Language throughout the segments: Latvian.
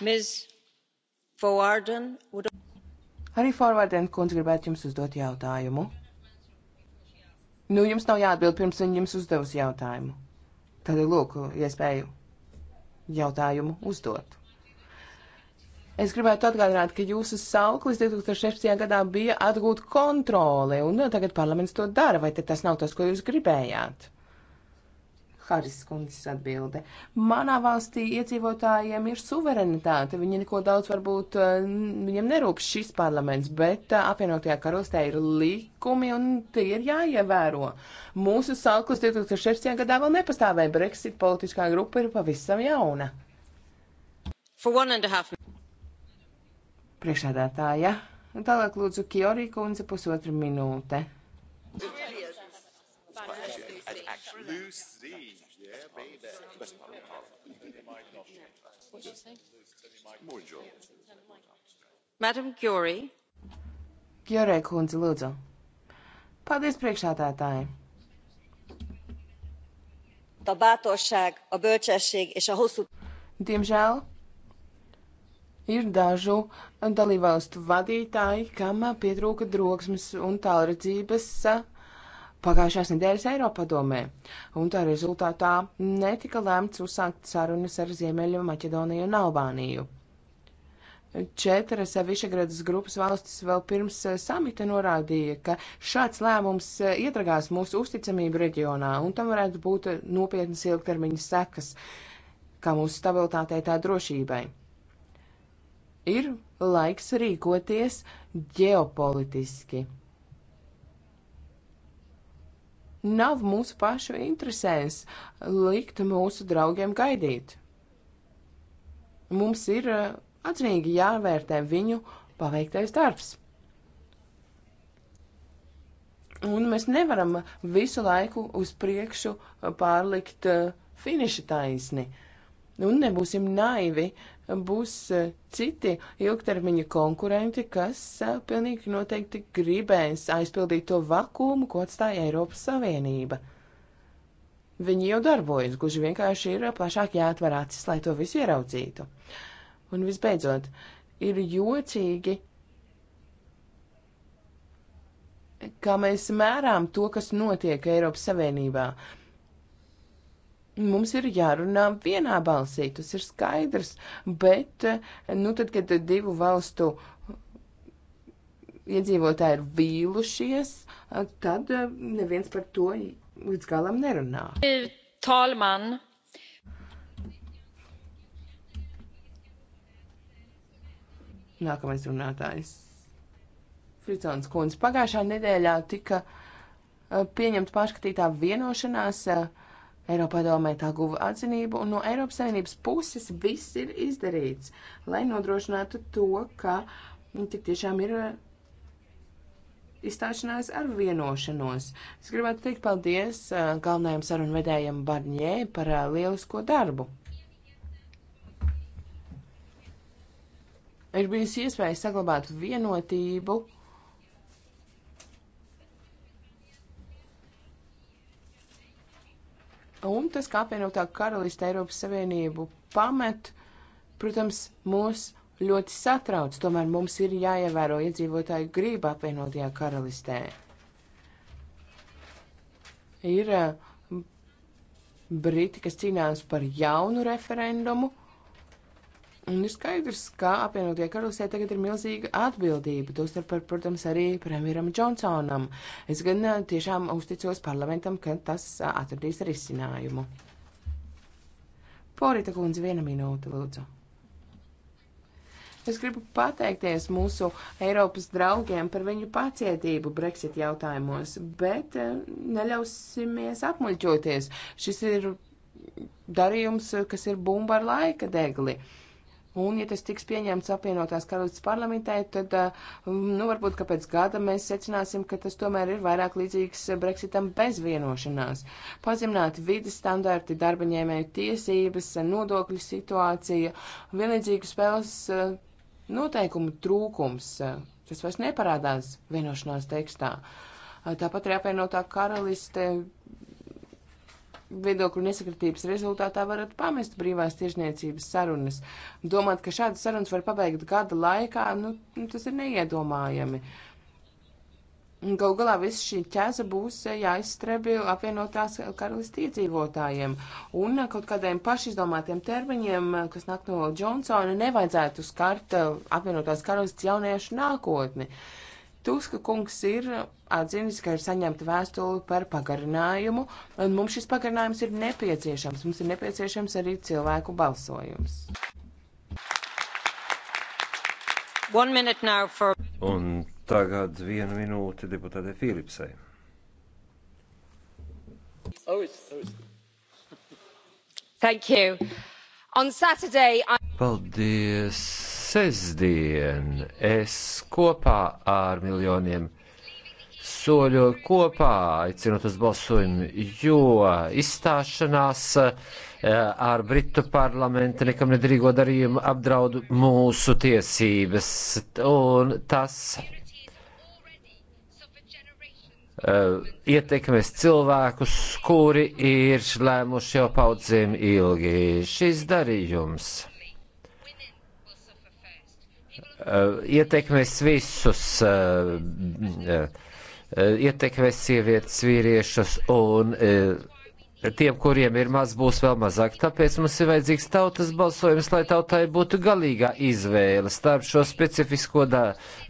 Would... Arī Forvarden kundze gribētu jums uzdot jautājumu. Nu, jums nav jāatbild pirms viņa jums uzdevusi jautājumu. Tad, lūk, iespēju jautājumu uzdot. Es gribētu atgādināt, ka jūsu sauklis 2016. gadā bija atgūt kontroli, un tagad parlaments to dara, vai tas nav tas, ko jūs gribējāt? Haris kundzes atbilde. Manā valstī iedzīvotājiem ir suverenitāte, viņi neko daudz varbūt, eh, viņiem nerūp šis parlaments, bet eh, apvienotajā karalistē ir likumi un tie ir jāievēro. Mūsu salklis 2016. gadā vēl nepastāvēja, Brexit politiskā grupa ir pavisam jauna. Priekšādātāja, tālāk lūdzu Kiorī kundze pusotru minūte. Yeah. Lucy. Yeah, baby. Best part of the What do you say? Buongiorno. Madam Curie. Gjorē kundze, lūdzu. Paldies priekšādātāji. A bátorság, a bölcsesség és a hosszú... Diemžēl ir dažu dalībvalstu vadītāji, kam pietrūka drogsmas un tālredzības uh, pagājušās nedēļas Eiropadomē, un tā rezultātā netika lēmts uzsākt sarunas ar Ziemeļu Maķedoniju un Albāniju. Četras Višegradas grupas valstis vēl pirms eh, samita norādīja, ka šāds lēmums eh, iedragās mūsu uzticamību reģionā, un tam varētu būt eh, nopietnas ilgtermiņa sekas, kā mūsu stabilitātei tā drošībai. Ir laiks rīkoties ģeopolitiski. Nav mūsu pašu interesēs likt mūsu draugiem gaidīt. Mums ir eh, atzinīgi jāvērtē viņu paveiktais darbs. Un mēs nevaram visu laiku uz priekšu eh, pārlikt eh, finiša taisni. Uh, Un nebūsim naivi, būs eh, citi ilgtermiņa konkurenti, kas eh, pilnīgi noteikti gribēs aizpildīt to vakumu, ko atstāja Eiropas Savienība. Viņi jau darbojas, gluži vienkārši ir plašāk jāatver acis, lai to visu ieraudzītu. Un visbeidzot, ir jocīgi, kā mēs mērām to, kas notiek Eiropas Savienībā mums ir jārunā vienā balsī, tas ir skaidrs, bet, nu, tad, kad divu valstu iedzīvotāji ir vīlušies, tad neviens par to līdz galam nerunā. Talman. Nākamais runātājs. Fricons Kunds pagājušā nedēļā tika eh, pieņemta pārskatītā vienošanās uh, Eiropā domē tā guva atzinību, un no Eiropas Savienības puses viss ir izdarīts, lai nodrošinātu to, ka tik tiešām ir uh, izstāšanās ar vienošanos. Es gribētu teikt paldies uh, galvenajam sarunvedējam Barņē par uh, lielisko darbu. Ir bijusi iespēja saglabāt vienotību Un tas, kā apvienotā karalista Eiropas Savienību pamet, protams, mūs ļoti satrauc. Tomēr mums ir jāievēro iedzīvotāju grība apvienotajā karalistē. Ir eh, briti, kas cīnās par jaunu referendumu Un ir skaidrs, ka apvienotie karalistē tagad ir milzīga atbildība, tostarp, protams, arī premjeram Džonsonam. Es gan tiešām uzticos parlamentam, ka tas atradīs risinājumu. Porita kundze, viena minūte, lūdzu. Es gribu pateikties mūsu Eiropas draugiem par viņu pacietību Brexit jautājumos, bet neļausimies apmuļķoties. Šis ir darījums, kas ir bumba ar laika degli. Uh, Un, ja tas tiks pieņemts apvienotās karalistas parlamentē, tad, uh, mm, nu, varbūt, ka pēc gada mēs secināsim, ka tas tomēr ir vairāk līdzīgs Brexitam bez vienošanās. Pazemināt vidas standarti, darbaņēmēju tiesības, nodokļu situācija, vienlīdzīgu spēles uh, noteikumu trūkums. Uh, tas vairs neparādās vienošanās tekstā. Tāpat arī apvienotā karaliste viedokļu nesakritības rezultātā varat pamest brīvās tiešniecības sarunas. Domāt, ka šādas sarunas var pabeigt gada laikā, nu, tas ir neiedomājami. Gal galā viss šī ķēza būs eh, jāizstrebi apvienotās karalists iedzīvotājiem, un eh, kaut kādiem pašizdomātiem termiņiem, eh, kas nāk no Džonsona, nevajadzētu skart apvienotās karalists jauniešu nākotni. Uh, Tuska kungs ir atzinis, ka ir saņemta vēstuli par pagarinājumu, un mums šis pagarinājums ir nepieciešams. Mums ir nepieciešams arī cilvēku balsojums. For... Un tagad vienu minūti deputātei Filipsai. Oh, it's, oh, it's... Thank you. On Saturday, I... Paldies! sestdien es kopā ar miljoniem soļu kopā aicinot uz balsojumu, jo izstāšanās eh, ar Britu parlamentu nekam nedrīgo darījumu apdraud mūsu tiesības. Un tas eh, ietekmēs cilvēkus, kuri ir lēmuši jau paudzēm ilgi. Šis darījums Eh, ietekmēs visus, eh, eh, ietekmēs sievietes, vīriešus un tiem, kuriem ir maz, būs vēl mazāk. Tāpēc mums ir vajadzīgs tautas balsojums, lai tautai būtu galīgā izvēle starp šo specifisko da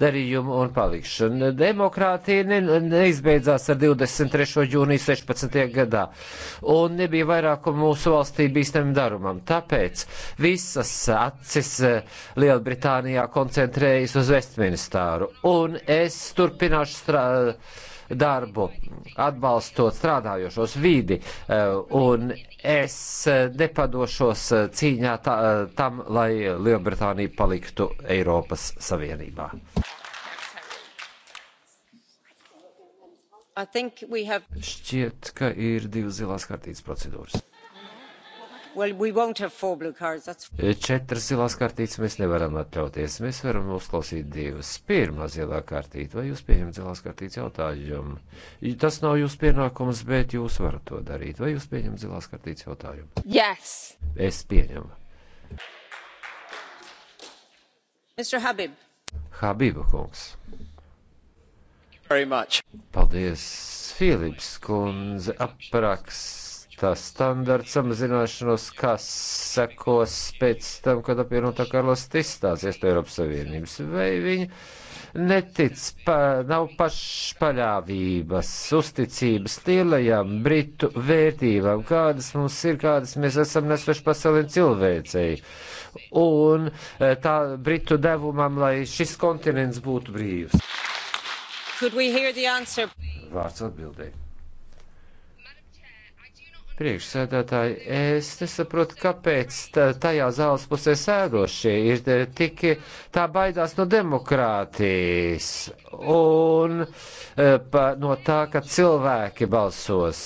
darījumu un palikšanu. Demokrātija ne neizbeidzās ar 23. jūniju 16. gadā, un nebija vairākumu mūsu valstī bīstamim darumam. Tāpēc visas acis eh, Lielbritānijā koncentrējas uz Vestminstāru, un es turpināšu strādāt darbu, atbalstot strādājošos vīdi, eh, un es nepadošos cīņā tā, eh, tam, lai Lielbritānija paliktu Eiropas Savienībā. Have... Šķiet, ka ir divas zilās kartītes procedūras. Well, we eh, Četras zilās kartītes mēs nevaram atļauties. Mēs varam uzklausīt divas. Pirmā zilā kartīte, vai jūs pieņemat zilās kartītes jautājumu? Tas nav jūsu pienākums, bet jūs varat to darīt. Vai jūs pieņemat zilās kartītes jautājumu? Yes. Es pieņemu. Mr. Habib. Habiba kungs. Paldies, Filips kundze, apraks tā standarta samazināšanos, kas sekos pēc tam, kad apvienotā karalists izstāsies no Eiropas Savienības. Vai viņi netic, pa, nav pašpaļāvības, uzticības lielajām britu vērtībām, kādas mums ir, kādas mēs esam nesuši pasaulē cilvēcei. Un eh, tā britu devumam, lai šis kontinents būtu brīvs. Vārds atbildēja. Priekšsēdētāji, es nesaprotu, kāpēc tajā zāles pusē sēdošie ir tik tā baidās no demokrātijas un eh, pa, no tā, ka cilvēki balsos.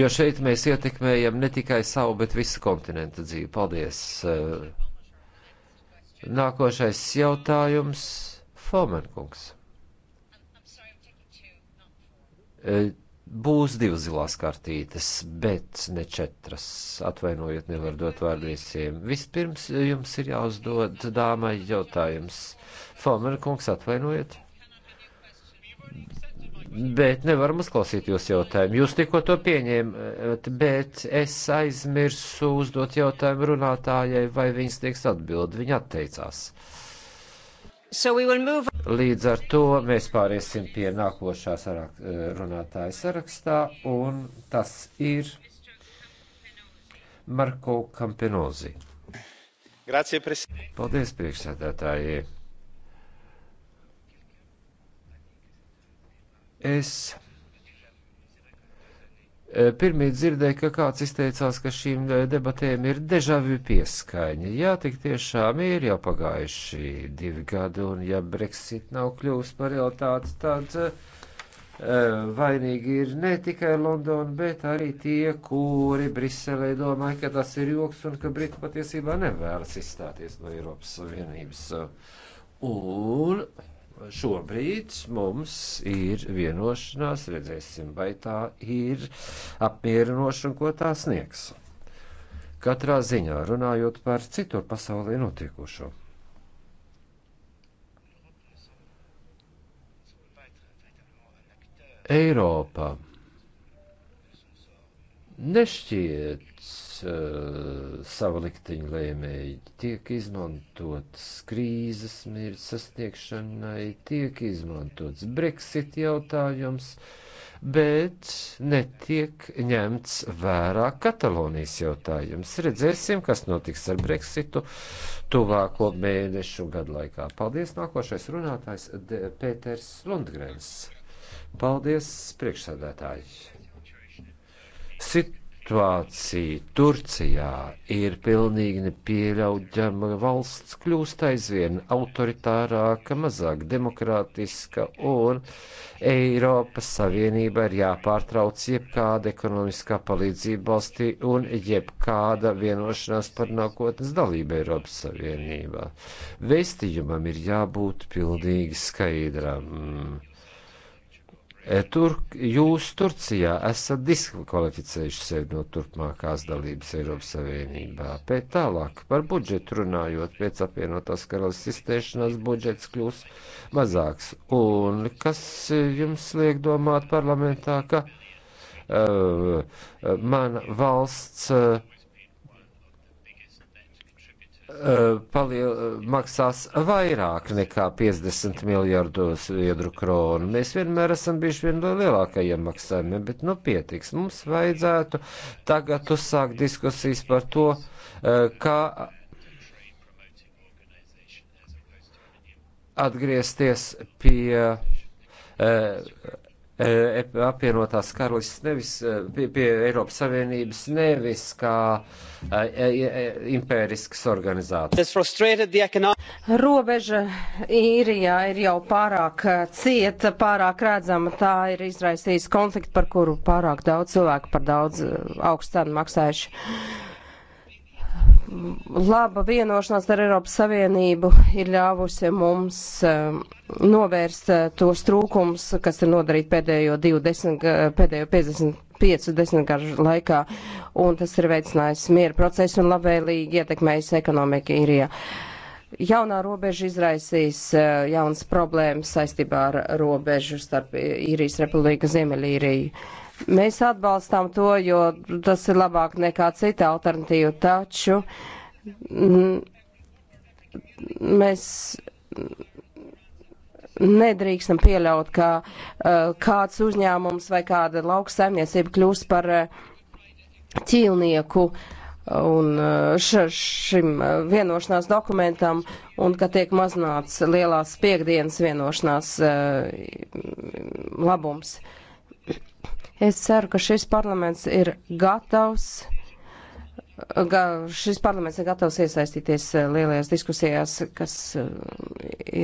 Jo šeit mēs ietekmējam ne tikai savu, bet visu kontinentu dzīvi. Paldies! Eh, nākošais jautājums - Fomenkungs. E, būs divas zilās kartītes, bet ne četras. Atvainojiet, nevar dot vārdu visiem. Vispirms jums ir jāuzdod dāmai jautājums. Fomera kungs, atvainojiet. Bet nevaram uzklausīt jūsu jautājumu. Jūs tikko to pieņēmat, bet es aizmirsu uzdot jautājumu runātājai, vai viņas teiks atbildi. Viņa atteicās. Uh, Līdz ar to mēs pāriesim pie nākošā sarak, eh, runātāja sarakstā, un tas ir Marko Kampenozi. Grazie, Paldies, priekšsēdētāji! Es Eh, pirmie dzirdēju, ka kāds izteicās, ka šīm eh, debatēm ir dežavi pieskaņa. Jā, tik tiešām ir jau pagājuši divi gadi, un ja Brexit nav kļuvis par realitāti, tad eh, vainīgi ir ne tikai Londona, bet arī tie, kuri Briselē domāja, ka tas ir joks un ka Briti patiesībā nevēlas izstāties no Eiropas Savienības. Un šobrīd mums ir vienošanās, redzēsim, vai tā ir apmierinoša un ko tā sniegs. Katrā ziņā runājot par citur pasaulē notiekošo. Eiropa nešķiet uh, savu likteņu lēmēji, tiek izmantotas krīzes mērķa sasniegšanai, tiek izmantots Brexit jautājums, bet netiek ņemts vērā Katalonijas jautājums. Redzēsim, kas notiks ar Brexitu tuvāko mēnešu gadu laikā. Paldies, nākošais runātājs D Pēters Lundgrens. Paldies, priekšsēdētāji! Situācija Turcijā ir pilnīgi nepieļaujama. Valsts kļūst aizvien autoritārāka, mazāk demokrātiska, un Eiropas Savienība ir jāpārtrauc jebkāda ekonomiskā palīdzība valstī un jebkāda vienošanās par nākotnes dalību Eiropas Savienībā. Vēstījumam ir jābūt pilnīgi skaidram. Mm E, Tur, jūs Turcijā esat diskvalificējuši sevi no turpmākās dalības Eiropas Savienībā. Pēc tālāk par budžetu runājot, pēc apvienotās karalists izstēšanās budžets kļūs mazāks. Un kas jums liek domāt parlamentā, ka uh, e, mana valsts. Uh, Eh, paliel, eh, maksās vairāk nekā 50 miljardus viedru kronu. Mēs vienmēr esam bijuši viena no lielākajiem maksājumiem, bet nu pietiks. Mums vajadzētu tagad uzsākt diskusijas par to, eh, kā atgriezties pie E, apvienotās karalists nevis e, pie, pie Eiropas Savienības, nevis kā e, impērisks organizācijas. Robeža īrijā ir jau pārāk cieta, pārāk redzama. Tā ir izraisījusi konfliktu, par kuru pārāk daudz cilvēku, par daudz augstu cenu maksājuši laba vienošanās ar Eiropas Savienību ir ļāvusi mums eh, novērst eh, tos trūkums, kas ir nodarīti pēdējo 20, pēdējo 50, 50 gažu laikā, un tas ir veicinājis miera procesu un labvēlīgi ietekmējis ekonomiku īrijā. Jaunā robeža izraisīs eh, jaunas problēmas saistībā ar robežu starp Īrijas republiku Ziemeļīriju. Mēs atbalstām to, jo tas ir labāk nekā cita alternatīva, taču mm, mēs nedrīkstam pieļaut, ka uh, kāds uzņēmums vai kāda lauksaimniecība kļūst par uh, ķīlnieku un uh, eh, š, šim vienošanās dokumentam un ka tiek mazināts lielās piekdienas vienošanās labums. Uh, Es ceru, ka šis parlaments ir gatavs. Ga, šis parlaments ir gatavs iesaistīties eh, lielajās diskusijās, kas eh,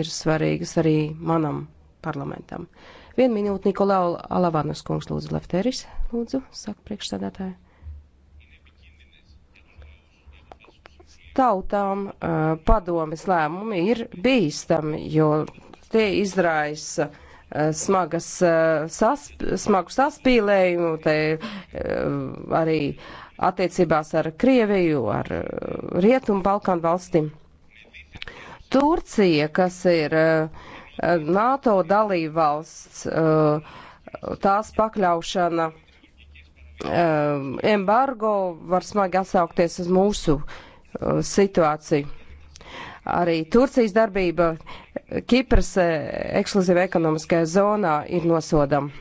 ir svarīgas arī manam parlamentam. Vienu minūti Nikolau Alavanas kungs lūdzu Lefteris, lūdzu, saka priekšsādātāja. Tautām uh, eh, padomis lēmumi ir bīstami, jo tie izraisa uh, Eh, smagas, eh, sas, smagu saspīlējumu, te eh, arī attiecībās ar Krieviju, ar Rietumu Balkānu valstīm. Turcija, kas ir NATO dalībvalsts, tās pakļaušana embargo var smagi atsaukties uz mūsu situāciju. Arī Turcijas darbība Kipras eh, ekskluzīva ekonomiskajā zonā ir nosodama.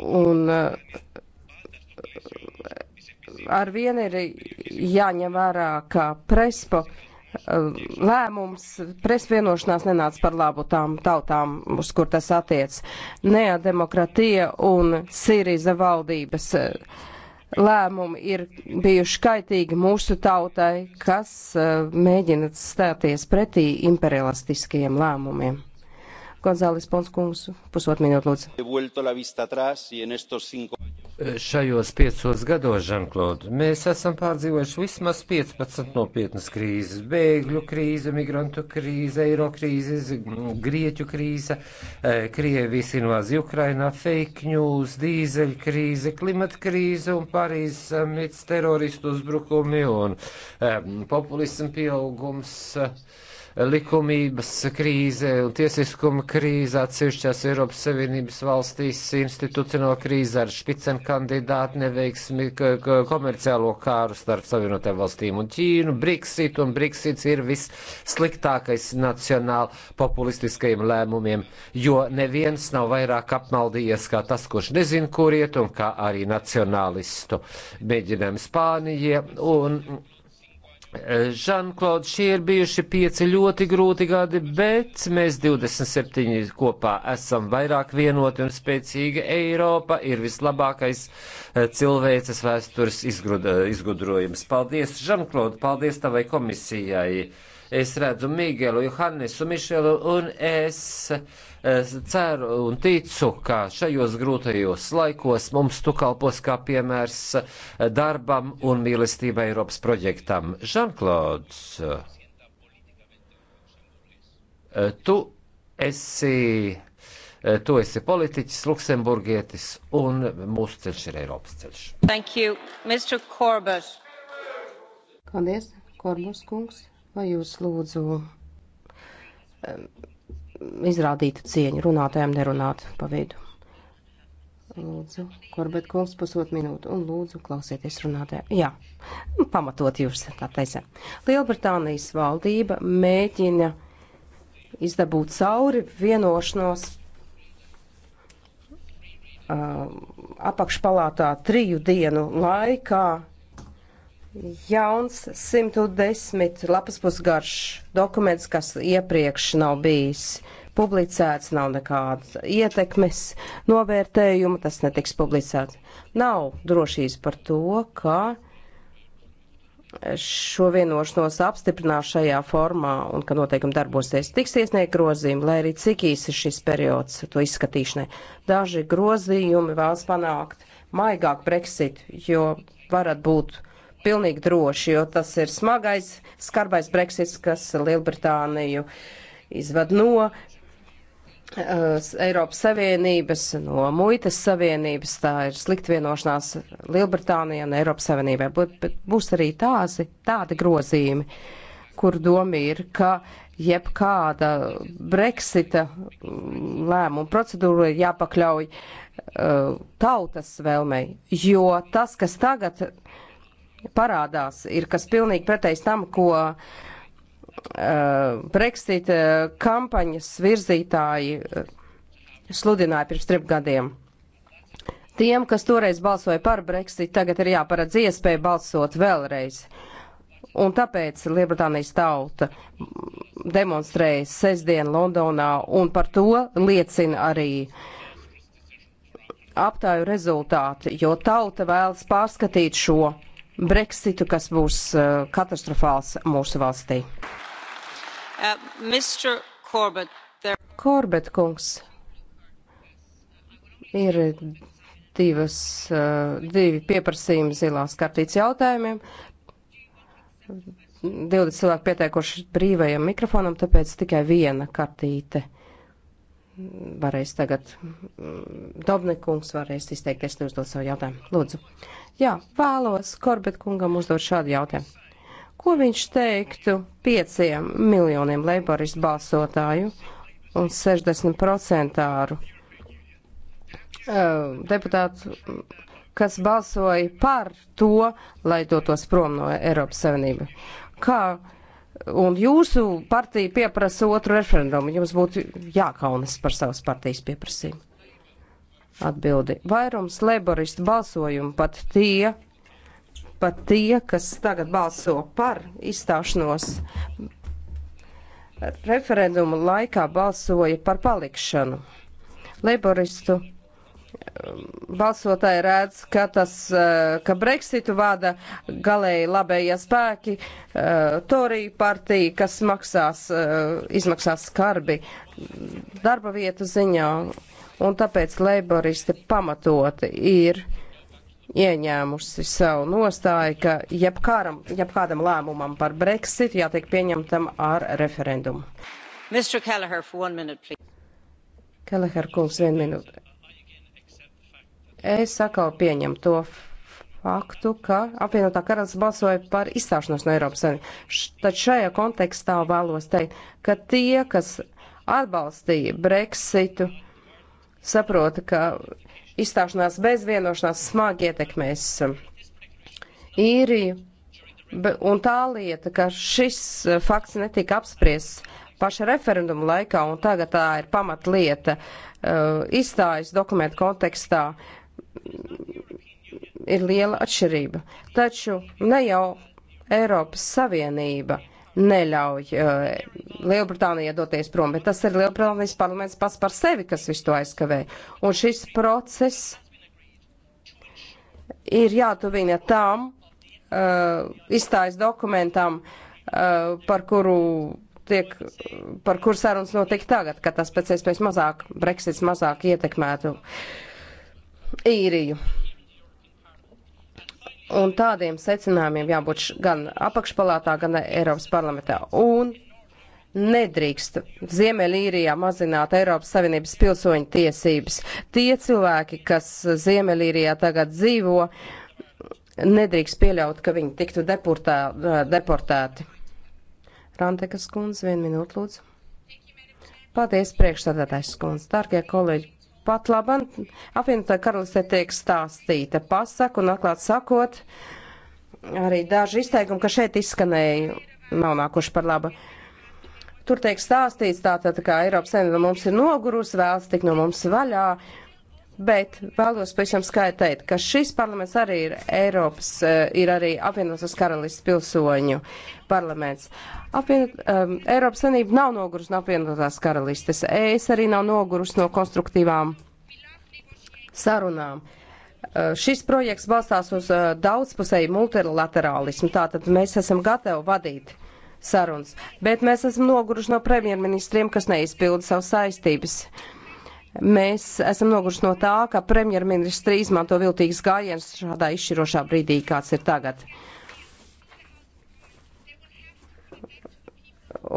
Un eh, ar vienu ir jāņem vērā, ka prespo eh, lēmums, presvienošanās nenāca par labu tām tautām, uz kur tas attiec. Neademokratija un Sīrīza valdības uh, lēmumi ir bijuši kaitīgi mūsu tautai, kas uh, mēģina stāties pretī imperialistiskajiem lēmumiem. Gonzāles Ponskungs, pusotru minūtu lūdzu šajos piecos gados, Žanklod, mēs esam pārdzīvojuši vismaz 15 nopietnas krīzes - bēgļu krīze, migrantu krīze, eiro krīzes, grieķu krīze, e, Krievijas invāzija Ukrainā, fake news, dīzeļu krīze, klimata krīze un Parīzes samits, teroristu uzbrukumi un um, e, populismu pieaugums. Uh, likumības krīze un tiesiskuma krīze atsevišķās Eiropas Savienības valstīs, institucionāla krīze ar špicen kandidātu neveiksmi, komerciālo kāru starp Savienotām valstīm un Ķīnu, Brexit, un Brexits ir vissliktākais nacionāli populistiskajiem lēmumiem, jo neviens nav vairāk apmaldījies kā tas, kurš nezin, kur iet, un kā arī nacionālistu mēģinājumu Spānijai un Žanklaud, šie ir bijuši pieci ļoti grūti gadi, bet mēs 27 kopā esam vairāk vienoti un spēcīga Eiropa ir vislabākais eh, cilvēces vēstures eh, izgudrojums. Paldies, Žanklaud, paldies tavai komisijai. Es redzu Mīgelu, Johannesu, Mišelu un es. Uh, ceru un ticu, ka šajos grūtajos laikos mums tu kalpos kā piemērs darbam un mīlestībai Eiropas projektam. Žanklauds, tu esi tu esi politiķis, luksemburgietis, un mūsu ceļš ir Eiropas ceļš. Thank you, Mr. Corbett. Paldies, Korbus kungs. Vai jūs lūdzu um, izrādītu cieņu runātājiem nerunāt pa vidu. Lūdzu, Korbet kungs, pusot minūtu, un lūdzu, klausieties runātājiem. Jā, pamatot jūs, tā teicam. Lielbritānijas valdība mēģina izdabūt cauri vienošanos uh, apakšpalātā triju dienu laikā jauns 110 lapas pusgarš dokuments, kas iepriekš nav bijis publicēts, nav nekādas ietekmes novērtējuma, tas netiks publicēts. Nav drošības par to, ka šo vienošanos apstiprinās šajā formā un ka noteikumi darbosies. Tiks iesniegt grozījumi, lai arī cik īsi šis periods to izskatīšanai. Daži grozījumi vēlas panākt maigāk Brexit, jo varat būt pilnīgi droši, jo tas ir smagais, skarbais Brexits, kas Lielbritāniju izved no eh, Eiropas Savienības, no muitas savienības, tā ir slikta vienošanās Lielbritānijai un Eiropas Savienībai, bet, bet būs arī tāzi, tādi grozījumi, kur doma ir, ka jebkāda Brexita mm, lēmuma procedūra ir jāpakļauj uh, tautas vēlmei, jo tas, kas tagad uh, parādās, ir kas pilnīgi pretējs tam, ko uh, Brexit uh, kampaņas virzītāji uh, sludināja pirms trim gadiem. Tiem, kas toreiz balsoja par Brexit, tagad ir jāparedz iespēja balsot vēlreiz. Un tāpēc Lielbritānijas tauta demonstrēja sestdien Londonā, un par to liecina arī aptāju rezultāti, jo tauta vēlas pārskatīt šo Brexitu, kas būs uh, katastrofāls mūsu valstī. Uh, Corbett, there... Corbett kungs, ir divas, uh, divi pieprasījumi zilās kartītes jautājumiem. 20 cilvēki pieteikuši brīvajam mikrofonam, tāpēc tikai viena kartīte varēs tagad, mm, Dobnekungs varēs izteikties un uzdot savu jautājumu. Lūdzu. Jā, vēlos Korbet kungam uzdot šādu jautājumu. Ko viņš teiktu pieciem miljoniem leiboristu balsotāju un 60 procentāru eh, deputātu, kas balsoja par to, lai dotos prom no Eiropas Savienības? Kā un jūsu partija pieprasa otru referendumu. Jums būtu jākaunas par savas partijas pieprasījumu. Atbildi. Vairums laboristu balsojumu pat tie, pat tie, kas tagad balso par izstāšanos referendumu laikā balsoja par palikšanu. Laboristu balsotāji redz, ka, tas, eh, ka Brexitu vada galēji labējie spēki, eh, Torija partija, kas maksās, eh, izmaksās skarbi darba vietu ziņā, un tāpēc leiboristi pamatoti ir ieņēmusi savu nostāju, ka jebkāram, jebkādam lēmumam par Brexitu jātiek pieņemtam ar referendumu. Mr. Kelleher, for one minute, please. Kelleher, kungs, vienu minūti. Es atkal pieņemu to faktu, ka apvienotā karalists balsoja par izstāšanos no Eiropas Savienības. Tad šajā kontekstā vēlos teikt, ka tie, kas atbalstīja Brexitu, saprota, ka izstāšanās bez vienošanās smagi ietekmēs um, īriju. Un tā lieta, ka šis uh, fakts netika apspriests paša referenduma laikā, un tagad tā ir pamatlieta uh, izstājas dokumentu kontekstā, uh, ir liela atšķirība. Taču ne jau Eiropas Savienība neļauj uh, Lielbritānijai doties prom, bet tas ir Lielbritānijas parlaments pats par sevi, kas visu to aizkavē. Un šis process ir jātuvina tām uh, izstājas dokumentam, uh, par kuru tiek, par kur sarunas notiek tagad, ka tas pēc iespējas mazāk, Brexits mazāk ietekmētu uh, īriju. Un tādiem secinājumiem jābūt gan apakšpalātā, gan Eiropas parlamentā. Un nedrīkst Ziemeļīrijā mazināt Eiropas Savienības pilsoņu tiesības. Tie cilvēki, kas Ziemeļīrijā tagad dzīvo, nedrīkst pieļaut, ka viņi tiktu deportā, deportēti. Rantekas kundze, vienu minūtu lūdzu. Paldies, priekšstādātājs kundze, dārgie kolēģi, Pat labam apvienotā karalistē tiek stāstīta pasaka un atklāt sakot, arī daži izteikumi, kas šeit izskanēja, nav nākuši par labu. Tur tiek stāstīts tātad, tā, tā kā Eiropas Savienība mums ir nogurusi, vēlas tik no mums vaļā, Bet vēlos pavisam skaidri teikt, ka šis parlaments arī ir Eiropas, eh, ir arī apvienotās karalistas pilsoņu parlaments. Apvienot, um, ehm, Eiropas Sanība nav nogurus no apvienotās karalistes. Es arī nav nogurus no konstruktīvām sarunām. Uh, šis projekts balstās uz uh, daudzpusēju multilaterālismu, tātad mēs esam gatavi vadīt sarunas, bet mēs esam noguruši no premjerministriem, kas neizpilda savas saistības. Uh, Mēs esam noguši no tā, ka premjerministri izmanto viltīgas gājienas šādā izšķirošā brīdī, kāds ir tagad.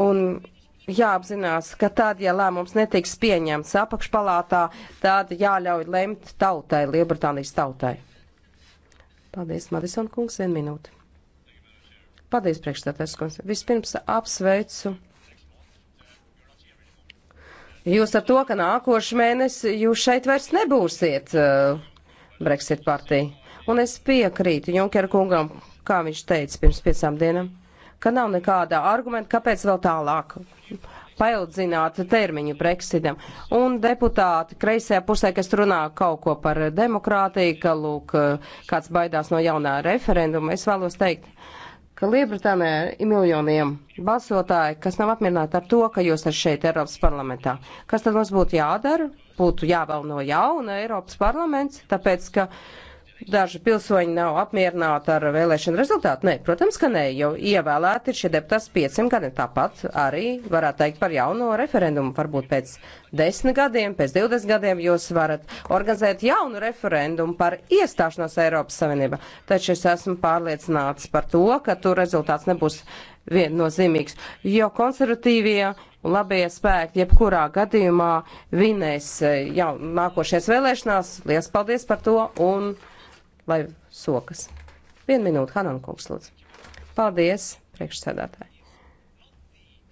Un jāapzinās, ka tad, ja lēmums netiks pieņemts apakšpalātā, tad jāļauj lemt tautai, Lielbritānijas tautai. Paldies, Madison kungs, vien minūte. Paldies, priekšstādājs kungs. Vispirms apsveicu jūs ar to, ka nākošmēnes jūs šeit vairs nebūsiet uh, Brexit partija. Un es piekrītu Junker kungam, kā viņš teica pirms piecām dienām, ka nav nekādā argumenta, kāpēc vēl tālāk paildzināt termiņu Brexitam. Un deputāti kreisajā pusē, kas runā kaut ko par demokrātiju, ka lūk, eh, kāds baidās no jaunā referenduma, es vēlos teikt, uh, ka Lielbritānijā ir miljoniem balsotāji, kas nav apmierināti ar to, ka jūs esat šeit Eiropas parlamentā. Kas tad mums būtu jādara? Būtu jāvēl no jauna Eiropas parlaments, tāpēc, ka uh, daži pilsoņi nav apmierināti ar vēlēšanu rezultātu. Nē, protams, ka nē, jo ievēlēti šie deputāti pieciem gadiem. Tāpat arī varētu teikt par jauno referendumu. Varbūt pēc desmit gadiem, pēc divdesmit gadiem jūs varat organizēt jaunu referendumu par iestāšanos Eiropas Savienībā. Taču es esmu pārliecināts par to, ka tur rezultāts nebūs viennozīmīgs, jo konservatīvie un labie spēki jebkurā gadījumā vinēs jau nākošais vēlēšanās. Lielas paldies par to! Un vai sokas. Vienu minūtu, Hanan kungs, lūdzu. Paldies, priekšsēdētāji.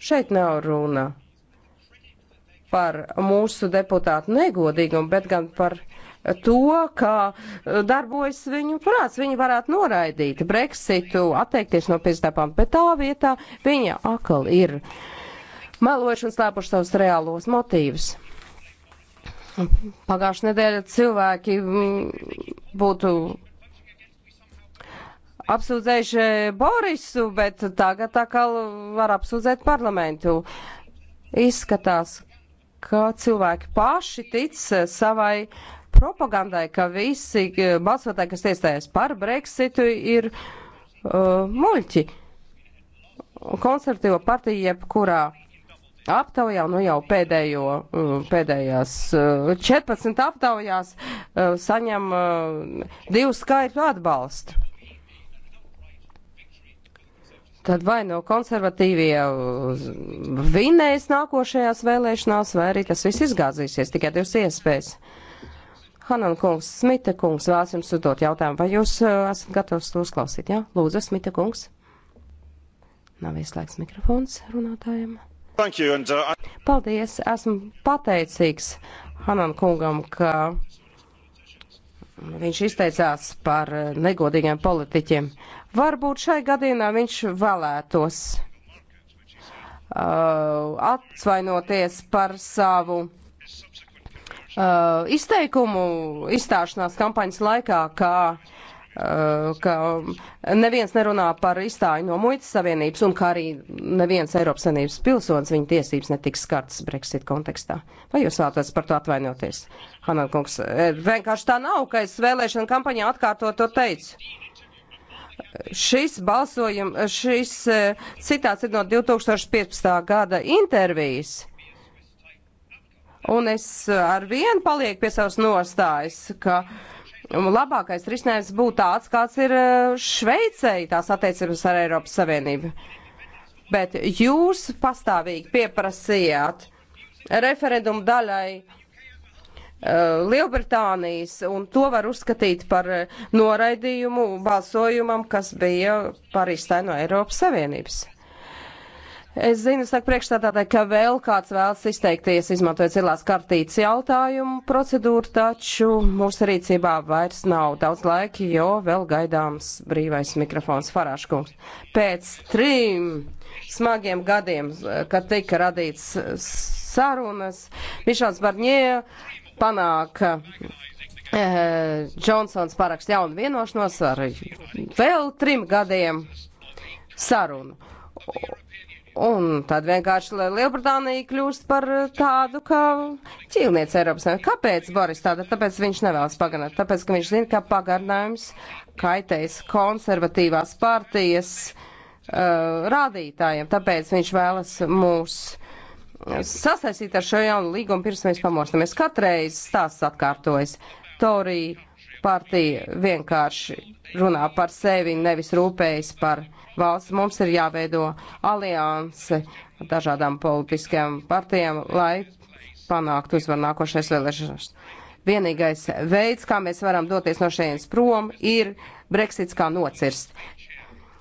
Šeit nav runa par mūsu deputātu negodīgumu, bet gan par to, kā darbojas viņu prāts. Viņi varētu noraidīt Brexitu, atteikties no piezdāpām, bet tā vietā viņa akal ir melojuši un slēpuši savus reālos motīvus. Pagājušajā nedēļā cilvēki mm, būtu apsūdzējuši Borisu, bet tagad atkal var apsūdzēt parlamentu. Izskatās, ka cilvēki paši tic savai propagandai, ka visi eh, balsotāji, kas iestājas par Brexitu, ir uh, muļķi. Konservatīva partija jebkurā aptaujā, nu jau pēdējo, uh, pēdējās 14 uh, aptaujās uh, saņem divu skaitu atbalstu. Tad vai no konservatīvie vinēs nākošajās vēlēšanās, vai arī tas viss izgāzīsies, tikai divas iespējas. Hanan kungs, Smita kungs, vēlas jums uzdot jautājumu, vai jūs esat gatavs to uzklausīt, jā? Ja? Lūdzu, Smita kungs. Nav ieslēgts mikrofons runātājiem. Uh, Paldies, esmu pateicīgs Hanan kungam, ka Viņš izteicās par uh, negodīgiem politiķiem. Varbūt šai gadījumā viņš vēlētos uh, atsvainoties par savu uh, izteikumu izstāšanās kampaņas laikā, kā Uh, ka neviens nerunā par izstāju no muitas savienības un ka arī neviens Eiropas savienības pilsonis viņa tiesības netiks skartas Brexit kontekstā. Vai jūs vēlaties par to atvainoties, Hanan kungs? Eh, vienkārši tā nav, ka es vēlēšana kampaņā atkārtot to teicu. Šis balsojums, šis eh, citāts ir no 2015. gada intervijas. Un es ar vienu palieku pie savas nostājas, ka uh, labākais risinājums būtu tāds, kāds ir eh, Šveicei tās attiecības ar Eiropas Savienību. Bet jūs pastāvīgi pieprasījāt referendumu daļai eh, Lielbritānijas, un to var uzskatīt par eh, noraidījumu balsojumam, kas bija par izstāju no Eiropas Savienības. Es zinu, saka priekšstādātāji, ka vēl kāds vēlas izteikties, izmantojot cilās kartītes jautājumu procedūru, taču mūsu rīcībā vairs nav daudz laika, jo vēl gaidāms brīvais mikrofons Farāškungs. Pēc trim smagiem gadiem, kad tika radīts sarunas, Mišāns Barņē panāka eh, Džonsons parakst jaunu vienošanos ar vēl trim gadiem sarunu Un tad vienkārši Lielbritānija kļūst par eh, tādu kā ķīlniece Eiropas Savienībā. Kāpēc Boris tāda? Tāpēc viņš nevēlas pagarināt. Tāpēc, ka viņš zina, ka pagarinājums kaitēs konservatīvās partijas uh, rādītājiem. Tāpēc viņš vēlas mūs eh, sasaistīt ar šo jaunu līgumu, pirms mēs pamostamies. Katreiz stāsts atkārtojas. Torija partija vienkārši runā par sevi, nevis rūpējas par valsts. Mums ir jāveido alianse dažādām politiskajām partijām, lai panāktu uzvaru nākošais vēlēšanas. Vienīgais veids, kā mēs varam doties no šejienes prom, ir Brexits kā nocirst.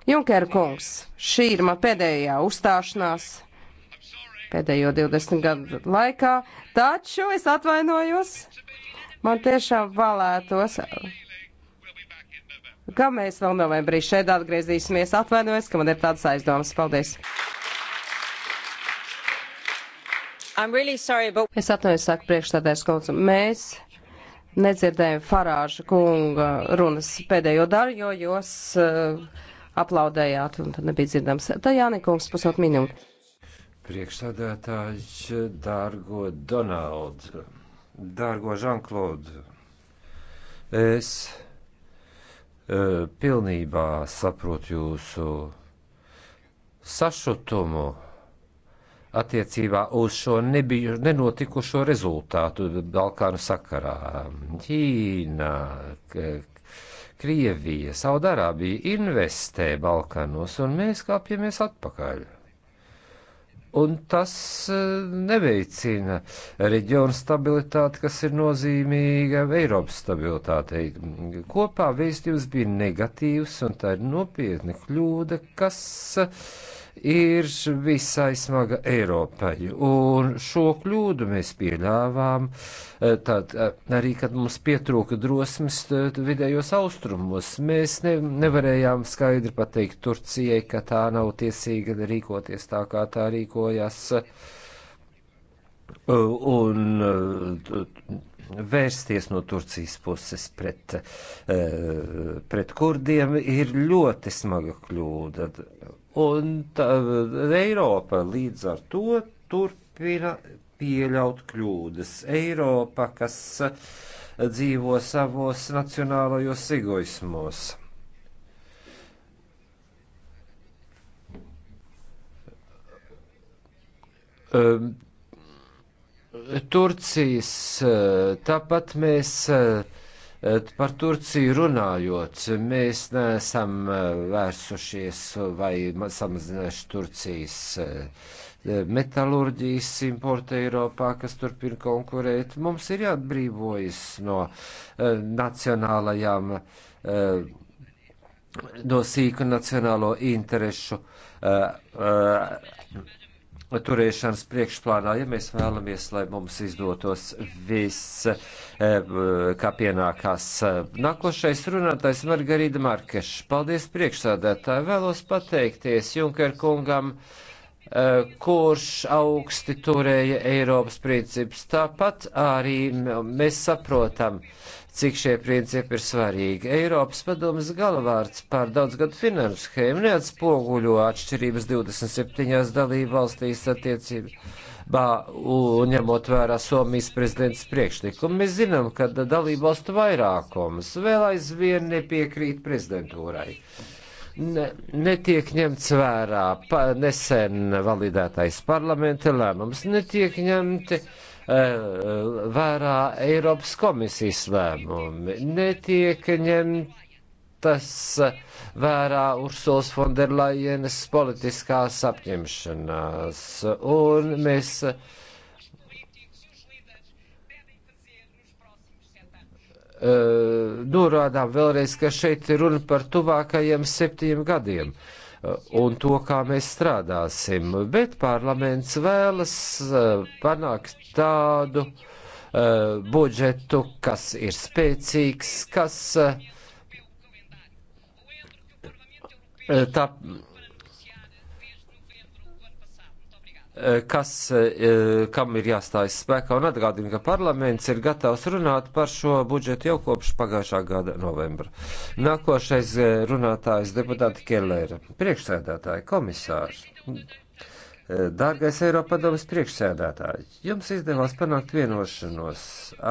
Junker kungs, šī ir man pēdējā uzstāšanās pēdējo 20 gadu laikā, taču es atvainojos. Man tiešām valētos, ka mēs vēl novembrī šeit atgriezīsimies. Atvainojos, ka man ir tādas aizdomas. Paldies! Really sorry, but... Es atvainojos, saka priekšstādājs kundze. Mēs nedzirdējām Farāža kunga runas pēdējo daļu, jo jūs uh, aplaudējāt un tad nebija dzirdams. Tā Jānikungs pusot minūte. Priekšsādātājs, dārgo Donaldu. Dārgo Žanklodu, es uh, pilnībā saprotu jūsu sašutumu attiecībā uz šo nebiju, nenotikušo rezultātu Balkānu sakarā. Ķīna, Krievija, Saudarābija investē Balkanos, un mēs kāpjamies atpakaļ un tas eh, neveicina reģionu stabilitāti, kas ir nozīmīga Eiropas stabilitātei. Kopā vēstījums bija negatīvs, un tā ir nopietna kļūda, kas ir visai smaga Eiropai. Un šo kļūdu mēs pieļāvām e, tad, e, arī, kad mums pietrūka drosmes vidējos austrumos. Mēs ne, nevarējām skaidri pateikt Turcijai, ka tā nav tiesīga rīkoties tā, kā tā rīkojās. E, un vērsties no Turcijas puses pret, pret kurdiem ir ļoti smaga kļūda. Un tā, Eiropa līdz ar to turpina pieļaut kļūdas. Eiropa, kas eh, dzīvo savos nacionālajos egoismos. Ehm, Turcijas eh, tāpat mēs eh, Par Turciju runājot, mēs neesam vērsušies vai samazinājuši Turcijas metālurģijas importa Eiropā, kas turpina konkurēt. Mums ir jāatbrīvojas no uh, nacionālajām, uh, no sīku nacionālo interešu uh, uh, turēšanas priekšplānā, ja mēs vēlamies, lai mums izdotos viss, eh, kā pienākās. Nākošais runātais Margarita Markeša. Paldies priekšsādētāji. Vēlos pateikties Junker kungam, eh, kurš augsti turēja Eiropas principus. Tāpat arī mēs saprotam cik šie principi ir svarīgi. Eiropas padomas galvārds par daudzgadu finanšu schēmu neatspoguļo atšķirības 27 dalību valstīs attiecībā un ņemot vērā Somijas prezidents priekšlikumu. Mēs zinām, ka dalību valstu vairākums vēl aizvien nepiekrīt prezidentūrai. Ne, netiek ņemts vērā pa, nesen validētais parlamenta lēmums, netiek ņemti. Uh, Eh, vērā Eiropas komisijas lēmumi, netiek ņemtas vērā Ursulas fonderlajenes politiskās apņemšanās, un mēs eh, norādām vēlreiz, ka šeit ir runa par tuvākajiem septiņiem gadiem. Uh, Eh, un to, kā mēs strādāsim, bet parlaments vēlas eh, panākt tādu uh, budžetu, kas ir spēcīgs, kas uh, tā, kas, eh, kam ir jāstājas spēkā, un atgādina, ka parlaments ir gatavs runāt par šo budžetu jau kopš pagājušā gada novembra. Nākošais eh, runātājs deputāti Kellera, priekšsēdētāji, komisārs. Eh, dārgais Eiropadomas priekšsēdētāji, jums izdevās panākt vienošanos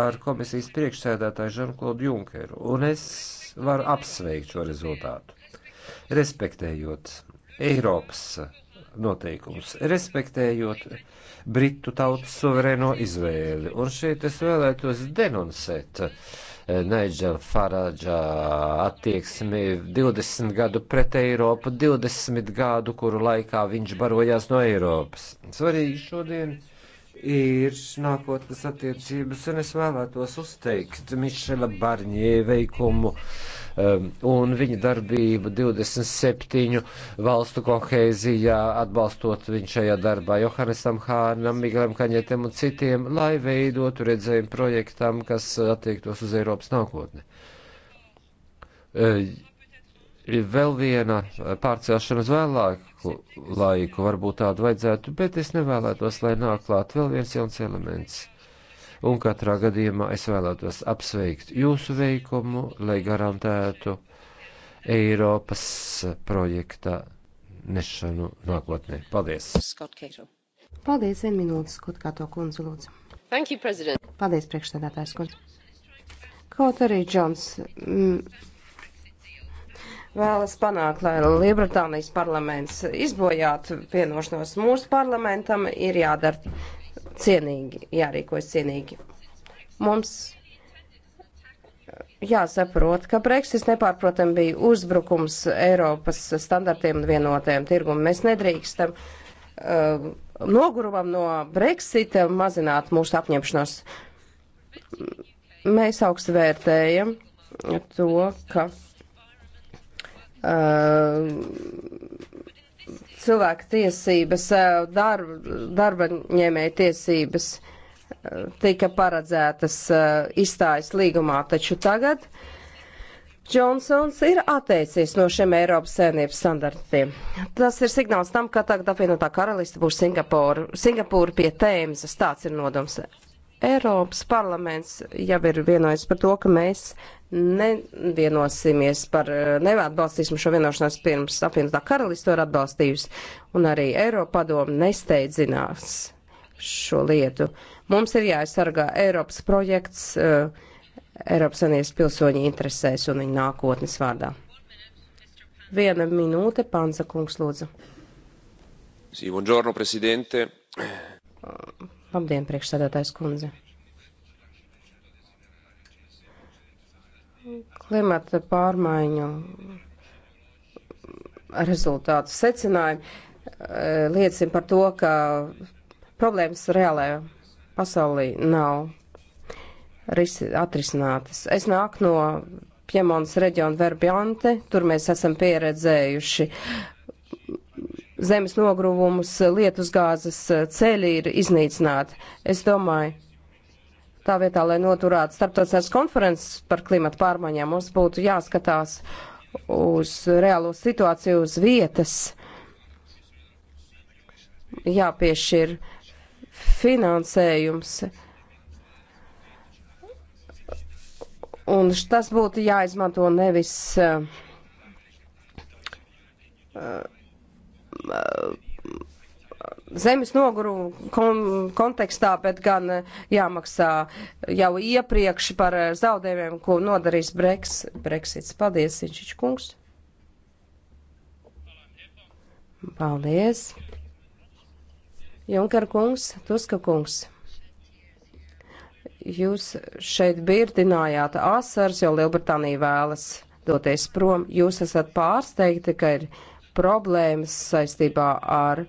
ar komisijas priekšsēdētāju Žanklodu Junkeru, un es varu apsveikt šo rezultātu, respektējot Eiropas noteikumus, respektējot Britu tautas suverēno izvēli. Un šeit es vēlētos denunsēt eh, Naidžela Farāģa attieksmi 20 gadu pret Eiropu, 20 gadu, kuru laikā viņš barojās no Eiropas. Svarīgi šodien ir nākotnes attiecības, un es vēlētos uzteikt Mišela Barņē veikumu Um, un viņa darbību 27 valstu kohēzijā, atbalstot viņu šajā darbā Johannesam Hārnam, Miglam Kaņetam un citiem, lai veidotu redzējumu projektam, kas attiektos uz Eiropas nākotni. Uh, vēl viena pārcelšana uz vēlāku laiku, varbūt tādu vajadzētu, bet es nevēlētos, lai nāk klāt vēl viens jauns elements un katrā gadījumā es vēlētos apsveikt jūsu veikumu, lai garantētu Eiropas projekta nešanu nākotnē. Paldies! Paldies, vien minūtes, kaut kā to kundze lūdzu. Thank you, President. Paldies, priekšstādātājs kundze. Kaut arī Džons mm, vēlas panākt, lai Lielbritānijas parlaments izbojātu vienošanos. Mūsu parlamentam ir jādara cienīgi, jārīkojas cienīgi. Mums eh, jāsaprot, ka Brexit nepārprotam bija uzbrukums Eiropas standartiem un vienotajam tirgumam. Mēs nedrīkstam uh, eh, nogurumam no Brexita mazināt mūsu apņemšanos. Mēs augstu vērtējam to, ka uh, cilvēku tiesības, eh, darba, darba ņēmēja tiesības eh, tika paredzētas eh, izstājas līgumā, taču tagad Džonsons ir atteicies no šiem Eiropas saimnības standartiem. Tas ir signāls tam, ka tagad apvienotā karalista būs Singapūra, Singapūra pie tēmas, tāds ir nodoms. Eiropas parlaments jau ir vienojis par to, ka mēs nevienosimies par, eh, neatbalstīsim šo vienošanos pirms apvienotā karalista to ir atbalstījusi, un arī Eiropa padomu nesteidzinās šo lietu. Mums ir jāaizsargā Eiropas projekts uh, Eiropas Savienības pilsoņu interesēs un viņu nākotnes vārdā. Viena minūte, Pansa kungs, lūdzu. Sī, buongiorno, presidente. Uh, Labdien, priekšsēdētājs kundze! Klimata pārmaiņu rezultātu secinājumi eh, liecina par to, ka problēmas reālajā pasaulī nav atrisinātas. Es nāku no Piemonas reģiona Verbiante, tur mēs esam pieredzējuši uh, zemes nogruvumus, lietusgāzes eh, ceļi ir iznīcināti. Es domāju, tā vietā, lai noturētu starptautiskās konferences par klimatu pārmaiņām, mums būtu jāskatās uz reālo situāciju uz vietas, jāpiešķir finansējums. Un tas būtu jāizmanto nevis uh, uh, Uh, zemes noguru kon kontekstā, bet gan uh, jāmaksā jau iepriekš par uh, zaudējumiem, ko nodarīs Breks Brexits. Paldies, Sičiņš kungs. Paldies. Junker kungs, Tuska kungs. Jūs šeit birdinājāt asars, jo Lielbritānija vēlas doties prom. Jūs esat pārsteigti, ka ir problēmas saistībā ar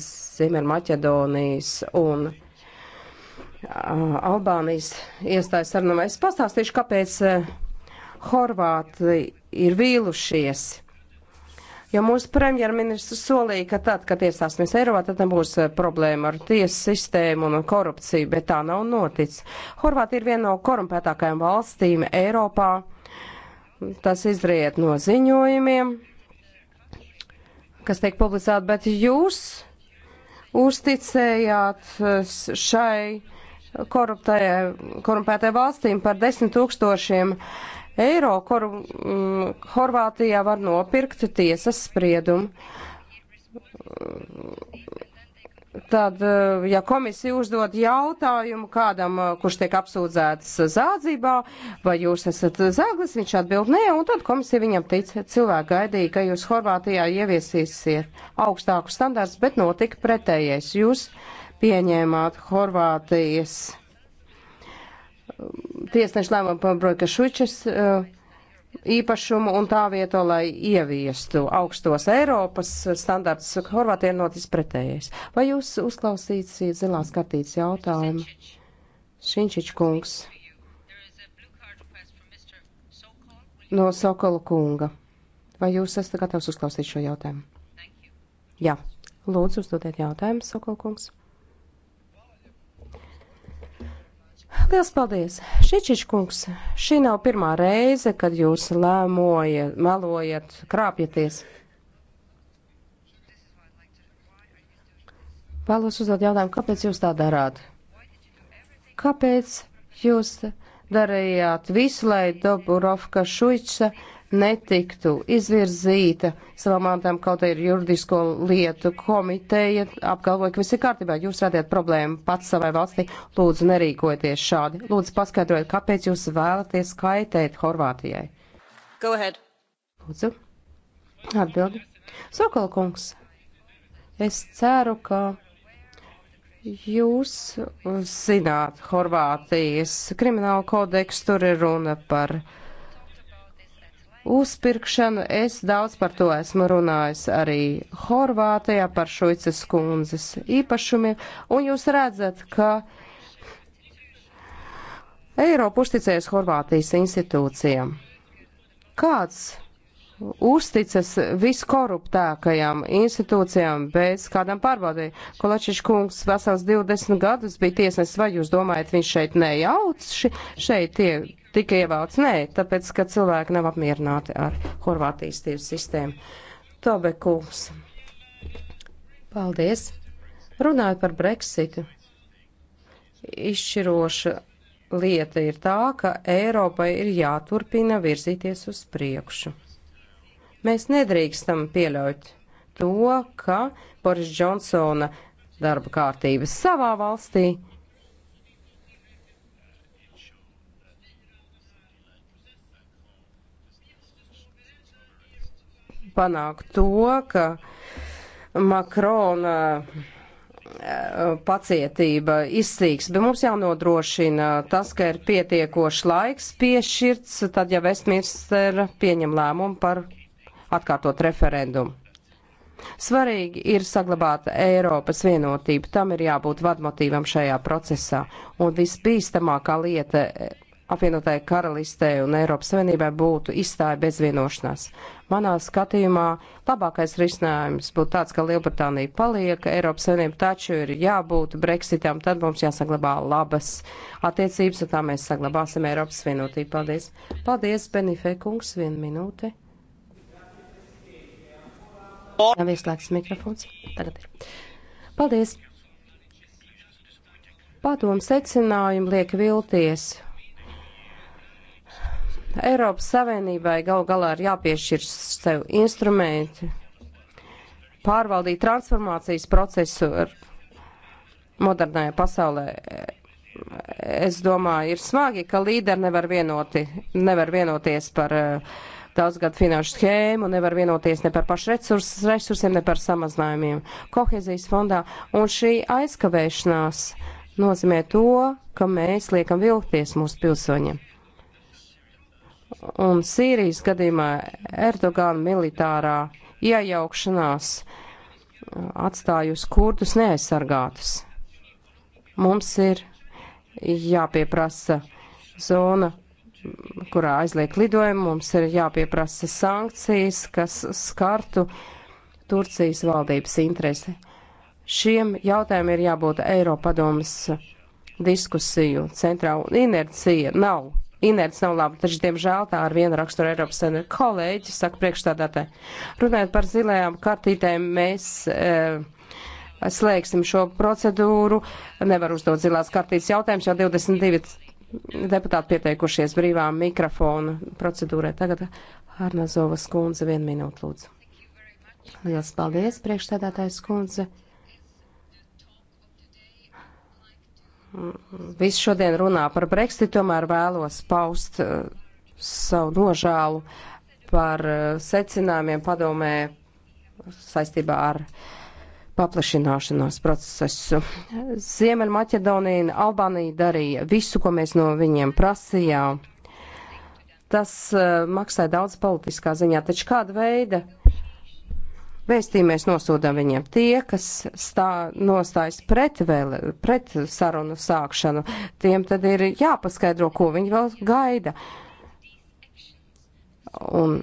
Ziemeļmaķedonijas un uh, Albānijas iestājas sarunām. Es pastāstīšu, kāpēc uh, Horvāti ir vīlušies. Jo mūsu premjerministrs solīja, ka tad, kad iestāsimies Eiropā, tad nebūs uh, problēma ar tiesu sistēmu un korupciju, bet tā nav noticis. Horvātija ir viena no korumpētākajām valstīm Eiropā. Tas izriet no ziņojumiem, kas tiek publicēta, bet jūs uzticējāt eh, šai korumpētai valstīm par desmit tūkstošiem eiro, kuru mm, Horvātijā var nopirkt tiesas spriedumu. Tad, eh, ja komisija uzdod jautājumu kādam, eh, kurš tiek apsūdzēts zādzībā, vai jūs esat zāglis, viņš atbild nē, un tad komisija viņam tic. Cilvēki gaidīja, ka jūs Horvātijā ieviesīsiet augstāku standārts, bet notika pretējais. Jūs pieņēmāt Horvātijas eh, tiesnešu lēmumu par Brojka Šučes. Uh, īpašumu un tā vieto, lai ieviestu augstos Eiropas standarts, Horvātija ir notis pretējais. Vai jūs uzklausīsiet zilās kartītes jautājumu? Šinčič kungs. No Sokola kunga. Vai jūs esat gatavs uzklausīt šo jautājumu? Jā. Lūdzu, uzdodiet jautājumu, Sokola kungs. Liels paldies! Šičiškungs, šī nav pirmā reize, kad jūs lēmojat, melojat, krāpjaties. Vēlos uzdot jautājumu, kāpēc jūs tā darāt? Kāpēc jūs darījāt visu, lai Doburovka Šuica netiktu izvirzīta savām mantām, kaut arī ir juridisko lietu komiteja, apgalvoja, ka viss ir kārtībā, jūs radiet problēmu pats savai valstī, lūdzu nerīkojieties šādi. Lūdzu paskaidrojiet, kāpēc jūs vēlaties kaitēt Horvātijai. Go ahead. Lūdzu. Atbildi. Sokolkungs, es ceru, ka jūs zināt Horvātijas kriminālu kodeksu, tur ir runa par uzpirkšanu. Es daudz par to esmu runājis arī Horvātijā par Šoicas kundzes īpašumiem, un jūs redzat, ka Eiropa uzticējas Horvātijas institūcijām. Kāds uzticas viskoruptākajām institūcijām bez kādām pārbaudēm. Kolačiš kungs vesels 20 gadus bija tiesnesis, vai jūs domājat, viņš šeit nejauc, šeit tiek tika ievāts. Nē, tāpēc, ka cilvēki nav apmierināti ar Horvātijas tiesu sistēmu. Tobe kungs. Paldies. Runājot par Brexitu. Izšķiroša lieta ir tā, ka Eiropai ir jāturpina virzīties uz priekšu. Mēs nedrīkstam pieļaut to, ka Boris Džonsona darba kārtības savā valstī panākt to, ka Makrona eh, pacietība izsīks, bet mums jānodrošina tas, ka ir pietiekoši laiks piešķirts, tad ja Vestminster pieņem lēmumu par atkārtot referendumu. Svarīgi ir saglabāt Eiropas vienotību, tam ir jābūt vadmotīvam šajā procesā, un visbīstamākā lieta apvienotāji karalistē un Eiropas Savienībai būtu izstāja bez vienošanās. Manā skatījumā labākais risinājums būtu tāds, ka Lielbritānija paliek, Eiropas Savienība taču ir jābūt Brexitam, tad mums jāsaglabā labas attiecības, un tā mēs saglabāsim Eiropas vienotību. Paldies! Paldies, Benifē kungs, vienu minūti. Nav ieslēgts mikrofons. Tagad ir. Paldies! Padomu secinājumi liek vilties, Eiropas Savienībai gal galā ir jāpiešķir sev instrumenti, pārvaldīt transformācijas procesu ar modernajā pasaulē. Es domāju, ir smagi, ka līderi nevar, vienoti, nevar vienoties par eh, daudzgadu finanšu schēmu, nevar vienoties ne par pašu resurs, resursiem, ne par samazinājumiem kohezijas fondā. Un šī aizkavēšanās nozīmē to, ka mēs liekam vilkties mūsu pilsoņiem un Sīrijas gadījumā Erdogana militārā iejaukšanās atstājusi kurdus neaizsargātus. Mums ir jāpieprasa zona, kurā aizliek lidojumu, mums ir jāpieprasa sankcijas, kas skartu Turcijas valdības interesi. Šiem jautājumiem ir jābūt Eiropadomas diskusiju centrā, un inercija nav inerts nav laba, taču, diemžēl, tā ar vienu raksturu Eiropas Savienību. Kolēģi saka priekšstādātē, runājot par zilajām kartītēm, mēs e, slēgsim šo procedūru. Nevar uzdot zilās kartītes jautājumus, jau 22 deputāti pieteikušies brīvā mikrofonu procedūrai. Tagad Arnazovas kundze, vienu minūtu lūdzu. Lielas paldies, priekšstādātājs kundze. Viss šodien runā par Brexit, tomēr vēlos paust uh, savu nožālu par uh, secinājumiem padomē saistībā ar paplašināšanos procesu. Ziemeļmaķedonija un Albānija darīja visu, ko mēs no viņiem prasījām. Tas uh, maksāja daudz politiskā ziņā, taču kāda veida uh, Vēstījumu mēs nosūdam viņiem tie, kas stā, nostājas pret, vēl, pret sarunu sākšanu. Tiem tad ir jāpaskaidro, ko viņi vēl gaida. Un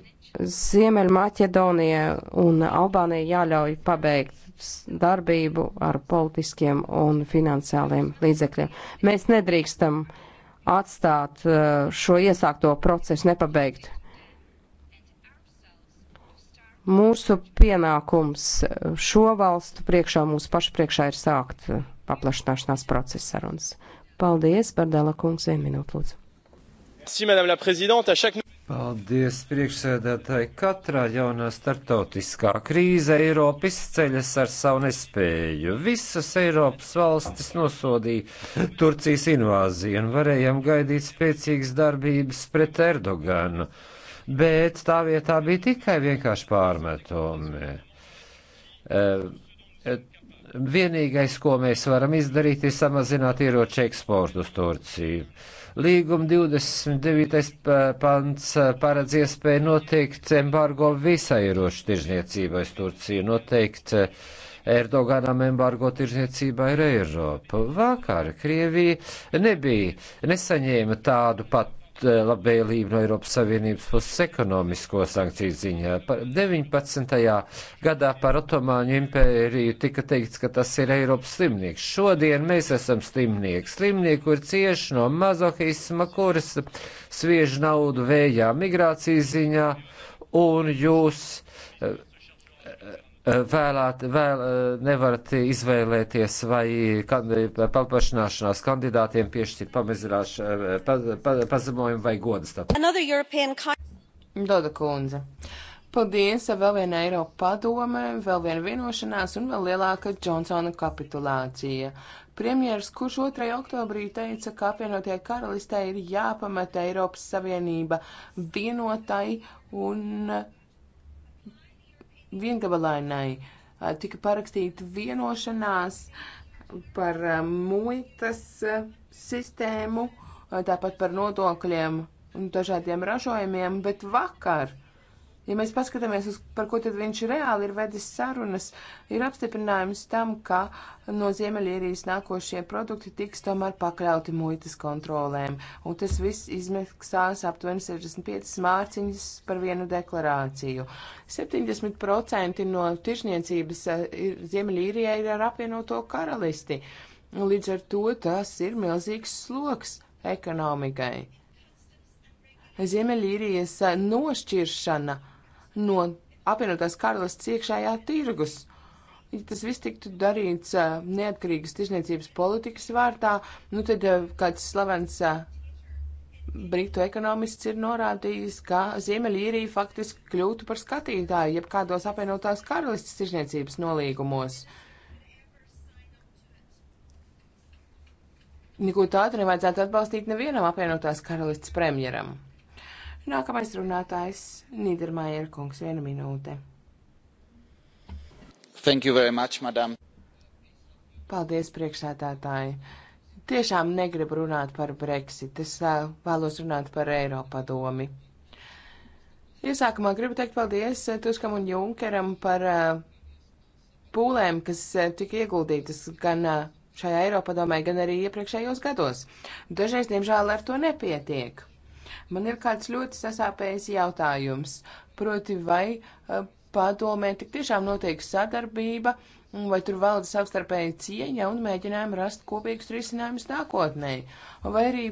Ziemeļmaķedonija un Albānija jāļauj pabeigt darbību ar politiskiem un finansiāliem līdzekļiem. Mēs nedrīkstam atstāt uh, šo iesākto procesu nepabeigtu. Mūsu pienākums šo valstu priekšā, mūsu pašu priekšā ir sākt paplašināšanās procesa sarunas. Paldies, Bardela kungs, vienu minūtu lūdzu. Paldies, priekšsēdētāji. Katrā jaunā starptautiskā krīze Eiropa izceļas ar savu nespēju. Visas Eiropas valstis nosodīja Turcijas invāziju un varējām gaidīt spēcīgas darbības pret Erdoganu bet tā vietā bija tikai vienkārši pārmetumi. Eh, vienīgais, ko mēs varam izdarīt, ir samazināt ieroču eksportu uz Turciju. Līguma 29. pants eh, paredz iespēju noteikt embargo visai ieroču tirzniecībai uz Turciju, noteikt uh, Erdoganam embargo tirzniecībā ir Eiropa. Vakar Krievija nebija, nesaņēma tādu pat Eh, labvēlību no Eiropas Savienības puses ekonomisko sankciju ziņā. Par 19. gadā par Otomāņu impēriju tika teikts, ka tas ir Eiropas slimnieks. Šodien mēs esam slimnieki. Slimnieki, kur cieši no mazohisma, kuras sviež naudu vējā migrācijas ziņā, un jūs eh, vēlēt, vēl eh, nevarat izvēlēties vai paplašināšanās kandidātiem piešķirt pamazināšanu, eh, pa, pa, pazemojumu vai godastāvu. European... Doda kundze. Paldies, vēl viena Eiropa padome, vēl viena vienošanās un vēl lielāka Džonsona kapitulācija. Premjeras, kurš 2. oktobrī teica, ka apvienotie karalistē ir jāpamata Eiropas Savienība vienotai un uh, viengabalainai tika parakstīta vienošanās par muitas sistēmu, tāpat par nodokļiem un dažādiem ražojumiem, bet vakar Ja mēs paskatāmies uz, par ko tad viņš reāli ir vedis sarunas, ir apstiprinājums tam, ka no Ziemeļīrijas nākošie produkti tiks tomēr pakļauti muitas kontrolēm, un tas viss izmaksās aptuveni 65 mārciņas par vienu deklarāciju. 70% no tirzniecības eh, Ziemeļīrijai ir ar apvienoto karalisti, un līdz ar to tas ir milzīgs sloks ekonomikai. Ziemeļīrijas eh, nošķiršana no apvienotās karalists iekšējā tirgus. Ja tas viss tiktu darīts neatkarīgas tirzniecības politikas vārtā, nu tad kāds slavens Britu ekonomists ir norādījis, ka Ziemeļīrija faktiski kļūtu par skatītāju jebkādos apvienotās karalistas tirzniecības nolīgumos. Neko tādu nevajadzētu atbalstīt nevienam apvienotās karalistas premjeram. Nākamais runātājs - Nīdermājer kungs, viena minūte. Thank you very much, madam. Paldies, priekšsētātāji. Tiešām negribu runāt par Brexit, es vēlos runāt par Eiropadomi. Iesākumā gribu teikt paldies Tuskam un Junkeram par pūlēm, kas tika ieguldītas gan šajā Eiropadomē, gan arī iepriekšējos gados. Dažreiz, diemžēl, ar to nepietiek. Man ir kāds ļoti sasāpējis jautājums, proti vai eh, padomē tik tiešām notiek sadarbība, vai tur valda savstarpēja cieņa un mēģinājumi rast kopīgus risinājumus nākotnē, vai arī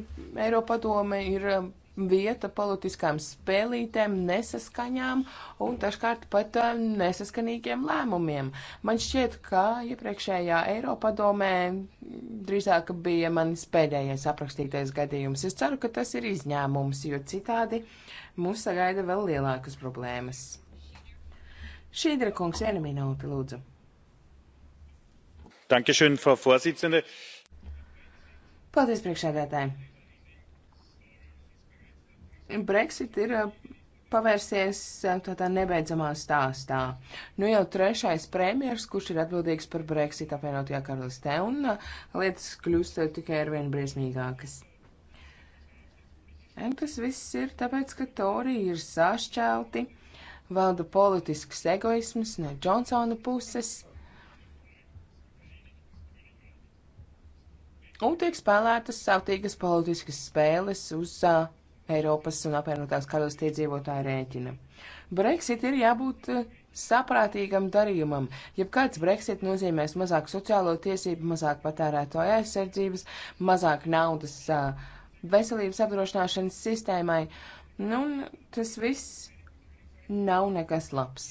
Eiropadome ir eh, vieta politiskām spēlītēm, nesaskaņām un dažkārt pat eh, nesaskanīgiem lēmumiem. Man šķiet, ka iepriekšējā Eiropadomē drīzāk bija manis pēdējais aprakstītais gadījums. Es ceru, ka tas ir izņēmums, jo citādi mūs sagaida vēl lielākas problēmas. Šīdra kungs, viena minūte, lūdzu. Dankeschön, Frau Vorsitzende. Paldies, priekšsēdētāji. Brexit ir pavērsies tādā nebeidzamā stāstā. Nu jau trešais premjers, kurš ir atbildīgs par Brexit apvienotajā karalistē, un lietas kļūst tikai arvien briesmīgākas. Un tas viss ir tāpēc, ka Tori ir sašķelti, valda politisks egoisms no Džonsona puses, un tiek spēlētas savtīgas politiskas spēles uz uh, Eiropas un apvienotās karalistī dzīvotāju rēķina. Brexit ir jābūt eh, saprātīgam darījumam. Jebkāds Brexit nozīmēs mazāk sociālo tiesību, mazāk patērētāju aizsardzības, mazāk naudas eh, veselības apdrošināšanas sistēmai. Nu, tas viss nav nekas labs.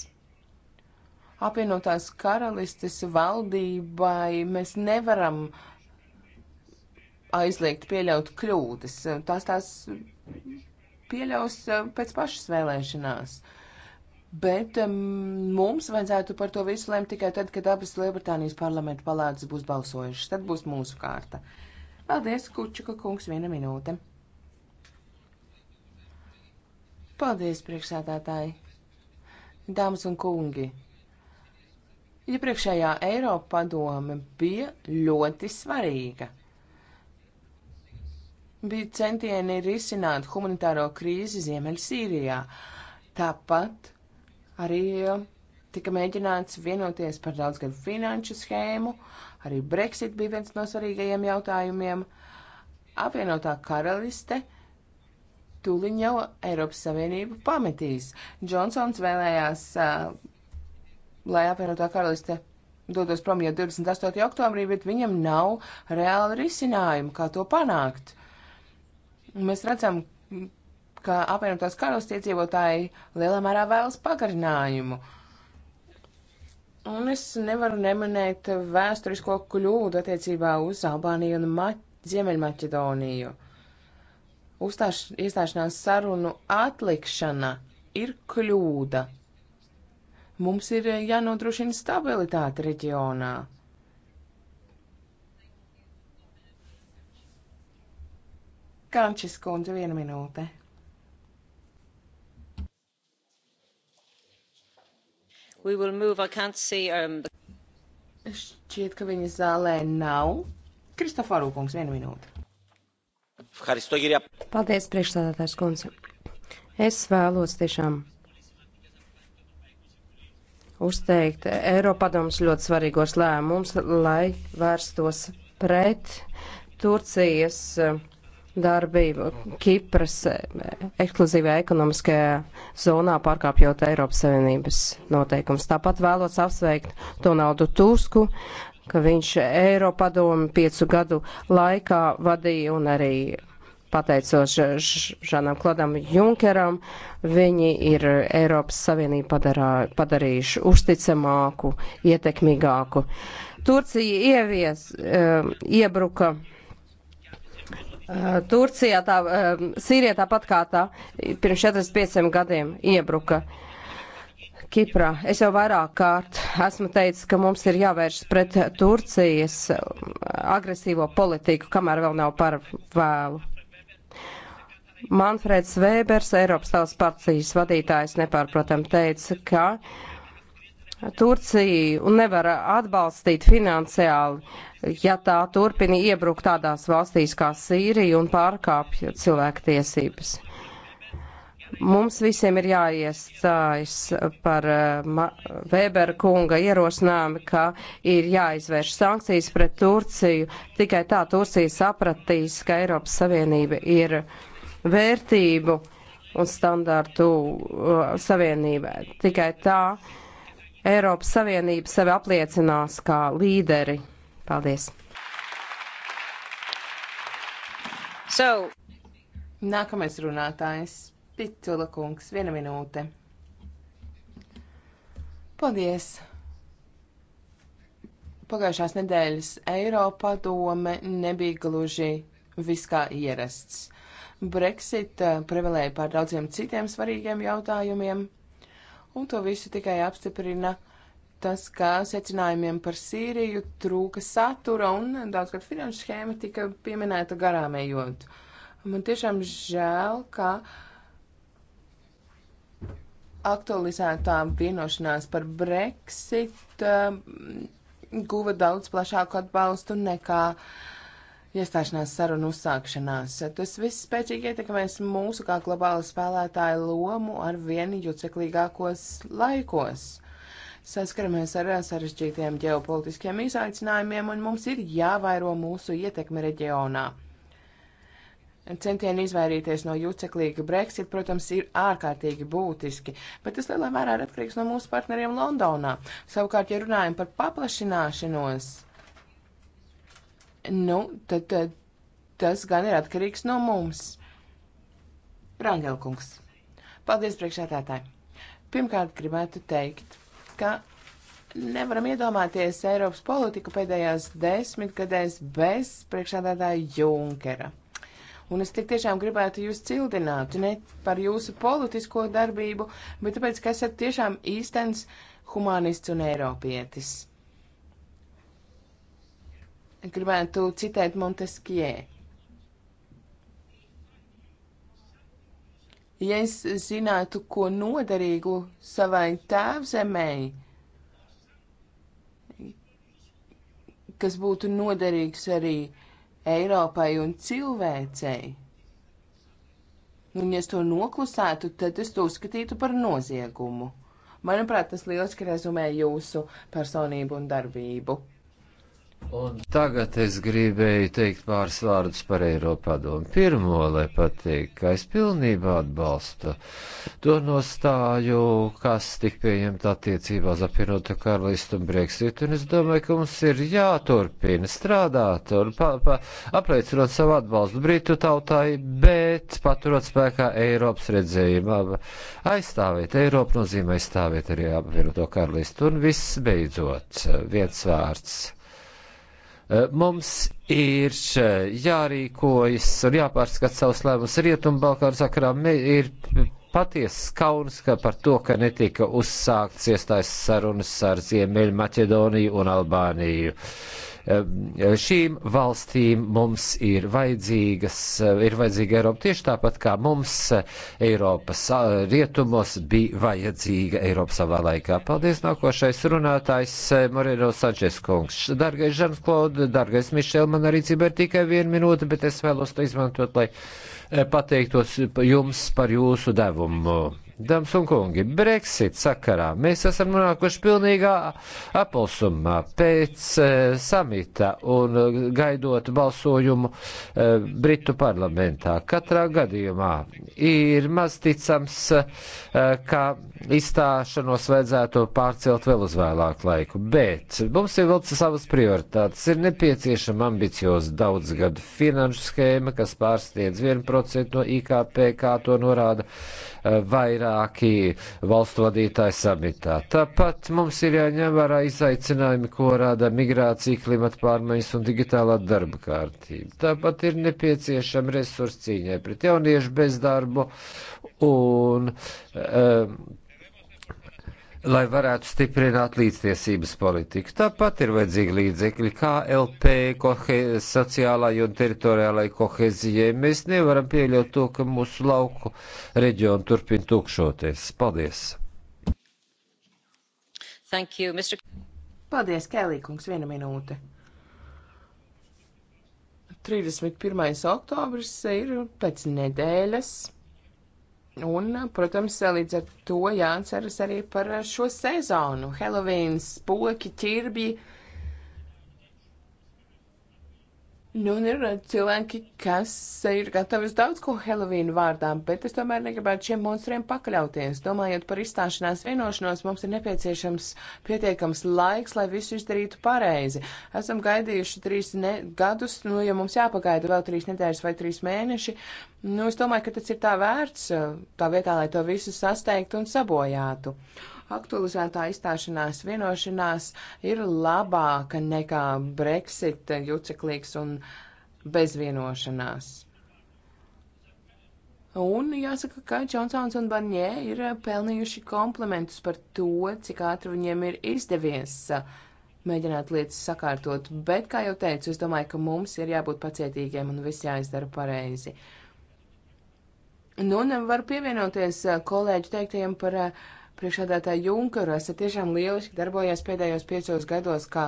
Apvienotās karalistes valdībai mēs nevaram aizliegt pieļaut kļūdas. Tās tās pieļaus eh, pēc pašas vēlēšanās. Bet um, mums vajadzētu par to visu lēmt tikai tad, kad abas Lielbritānijas parlamenta palātas būs balsojušas. Tad būs mūsu kārta. Paldies, Kučuka kungs, viena minūte. Paldies, priekšsēdētāji. Dāmas un kungi. Iepriekšējā ja Eiropa padome bija ļoti svarīga bija centieni risināt humanitāro krīzi Ziemeļsīrijā. Tāpat arī uh, tika mēģināts vienoties par daudzgadu finanšu schēmu, arī Brexit bija viens no svarīgajiem jautājumiem. Apvienotā karaliste tūliņ jau Eiropas Savienību pametīs. Džonsons vēlējās, uh, lai apvienotā karaliste dodos prom jau 28. oktobrī, bet viņam nav reāli risinājumu, kā to panākt. Mēs redzam, ka apvienotās karalists iedzīvotāji lielā mērā vēlas pagarinājumu. Un es nevaru neminēt vēsturisko kļūdu attiecībā uz Albāniju un Ma Ziemeļmaķedoniju. Uzstāš, iestāšanās sarunu atlikšana ir kļūda. Mums ir jānodrošina stabilitāte reģionā. Kančes kundze, viena minūte. We will move, I can't see. Um... Šķiet, ka viņa zālē nav. Kristoforu kungs, viena minūte. Paldies, priekšstādātājs kundze. Es vēlos tiešām uzteikt Eiropadomus ļoti svarīgos lēmumus, lai vērstos pret Turcijas uh, darbību Kipras e, ekskluzīvajā ekonomiskajā zonā, pārkāpjot Eiropas Savienības noteikums. Tāpat vēlos apsveikt Donaldu Tusku, ka viņš Eiropadomu piecu gadu laikā vadīja un arī pateicot Žanam Klodam Junkeram, viņi ir Eiropas Savienību padarā, padarījuši uzticamāku, ietekmīgāku. Turcija ievies, e, iebruka Eh, Turcijā, tā, eh, Sīrijā tāpat kā tā pirms 45 gadiem iebruka. Kiprā. Es jau vairāk kārt esmu teicis, ka mums ir jāvēršas pret Turcijas eh, agresīvo politiku, kamēr vēl nav par vēlu. Manfreds Vēbers, Eiropas tautas partijas vadītājs, nepārprotam teica, ka Turciju nevar atbalstīt finansiāli, ja tā turpina iebrukt tādās valstīs kā Sīrija un pārkāpj cilvēktiesības. Mums visiem ir jāiestājas par eh, Weber kunga ierosinājumu, ka ir jāizvērš sankcijas pret Turciju. Tikai tā Turcija sapratīs, ka Eiropas Savienība ir vērtību un standārtu eh, savienībai. Tikai tā Eiropas Savienība sevi apliecinās kā līderi. Paldies! So. Nākamais runātājs - Pitula kungs, viena minūte. Paldies! Pagājušās nedēļas Eiropa dome nebija gluži viskā ierasts. Brexit eh, privilēja pār daudziem citiem svarīgiem jautājumiem un to visu tikai apstiprina tas, ka secinājumiem par Sīriju trūka satura un daudzkārt finanšu schēma tika pieminēta garām ejot. Man tiešām žēl, ka aktualizētā vienošanās par Brexit um, guva daudz plašāku atbalstu nekā uh, iestāšanās sarunu uzsākšanās. Tas viss spēcīgi ietekmēs mūsu kā globāla spēlētāja lomu ar vien juceklīgākos laikos. Saskaramies ar sarežģītiem ģeopolitiskiem izaicinājumiem, un mums ir jāvairo mūsu ietekme reģionā. Centieni izvairīties no juceklīga Brexit, protams, ir ārkārtīgi būtiski, bet tas lielā mērā ir atkarīgs no mūsu partneriem Londonā. Savukārt, ja runājam par paplašināšanos, nu, tad, tad tas gan ir atkarīgs no mums. Rangelkungs. Paldies priekšētātāji. Pirmkārt, gribētu teikt, ka nevaram iedomāties Eiropas politiku pēdējās desmitgadēs bez priekšādātāja Junkera. Un es tik tiešām gribētu jūs cildināt, ne par jūsu politisko darbību, bet tāpēc, ka esat tiešām īstens humanists un eiropietis. Gribētu citēt Monteskie. Ja es zinātu, ko noderīgu savai tēvzemēji, kas būtu noderīgs arī Eiropai un cilvēcei. Un, ja es to noklusētu, tad es to uzskatītu par noziegumu. Manuprāt, tas lieliski rezumē jūsu personību un darbību. Un tagad es gribēju teikt pāris vārdus par Eiropadomu. Pirmo, lai pateiktu, ka es pilnībā atbalstu to nostāju, kas tik pieņemta attiecībā uz apvienoto karalistu un Brexit, un es domāju, ka mums ir jāturpina strādāt un pa, pa, apliecinot savu atbalstu Britu tautai, bet paturot spēkā Eiropas redzējumu. Aizstāvēt Eiropu nozīmē aizstāvēt arī apvienoto karalistu. Un viss beidzot, viens vārds Eh, mums ir eh, jārīkojas un jāpārskat savus lēmumus Rietumbalkānu sakarā. Ir patiesas kauns ka par to, ka netika uzsākts iestājas sarunas ar Ziemeļu Maķedoniju un Albāniju. Uh, Šīm valstīm mums ir vajadzīgas, ir vajadzīga Eiropa tieši tāpat kā mums Eiropas rietumos bija vajadzīga Eiropa savā laikā. Paldies, nākošais runātājs Moreno Sančes kungs. Dargais Žansklod, dargais Mišel, man arī cība ir tikai viena minūte, bet es vēlos to izmantot, lai pateiktos jums par jūsu devumu. Dāmas un kungi, Brexit sakarā mēs esam nonākuši pilnīgā apelsumā pēc uh, samita un uh, gaidot balsojumu uh, Britu parlamentā. Katrā gadījumā ir maz ticams, uh, ka izstāšanos vajadzētu pārcelt vēl uz vēlāku laiku, bet mums ir vēl savas prioritātes. Ir nepieciešama ambicioza daudzgada finanšu schēma, kas pārsniedz 1% no IKP, kā to norāda eh, vairāki valstu vadītāji samitā. Tāpat mums ir jāņem vērā izaicinājumi, ko rada migrācija, klimata pārmaiņas un digitālā darba kārtība. Tāpat ir nepieciešama resursu cīņai pret jauniešu bezdarbu un um, lai varētu stiprināt līdztiesības politiku. Tāpat ir vajadzīgi līdzekļi KLP, kohe, sociālai un teritoriālai kohezijai. Mēs nevaram pieļaut to, ka mūsu lauku reģionu turpin tukšoties. Paldies! Thank you, Mr. Paldies, Kēlīkungs, viena minūte. 31. oktobris ir pēc nedēļas. Un, protams, līdz ar to jāceras arī par šo sezonu. Helovīns, poki, ķirbji. Uh, Nu, un ir eh, cilvēki, kas eh, ir gatavi uz daudz ko Helovīnu vārdām, bet es tomēr negribētu šiem monstriem pakļauties. Domājot par izstāšanās vienošanos, mums ir nepieciešams pietiekams laiks, lai visu izdarītu pareizi. Esam gaidījuši trīs ne gadus, nu, ja mums jāpagaida vēl trīs nedēļas vai trīs mēneši, nu, es domāju, ka tas ir tā vērts, eh, tā vietā, lai to visu sasteigtu un sabojātu aktualizētā izstāšanās vienošanās ir labāka nekā Brexit juceklīgs un bezvienošanās. Un jāsaka, ka Džonsons un Barņē ir pelnījuši komplementus par to, cik ātri viņiem ir izdevies mēģināt lietas sakārtot. Bet, kā jau teicu, es domāju, ka mums ir jābūt pacietīgiem un viss jāizdara pareizi. Nu, un var pievienoties kolēģu teiktajiem par uh, priekšādātāja Junkara, esat tiešām lieliski darbojies pēdējos piecos gados kā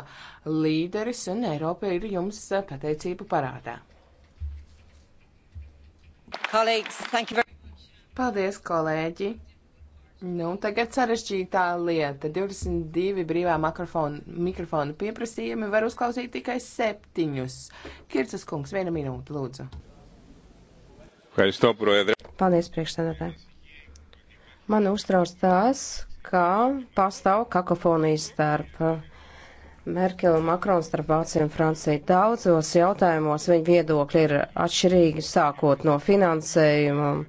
līderis, un Eiropa ir jums eh, pateicību parādā. Paldies, kolēģi! Nu, tagad sarežģītā lieta. 22 brīvā mikrofona pieprasījumi var uzklausīt tikai septiņus. Kircas kungs, viena minūte, lūdzu. Paldies, priekšsēdētāji. Man uztrauc tās, ka pastāv kakofonijas starp uh, Merkeli un Makronu starp Vāciju un Franciju. Daudzos jautājumos viņa viedokļi ir atšķirīgi, sākot no finansējuma uh,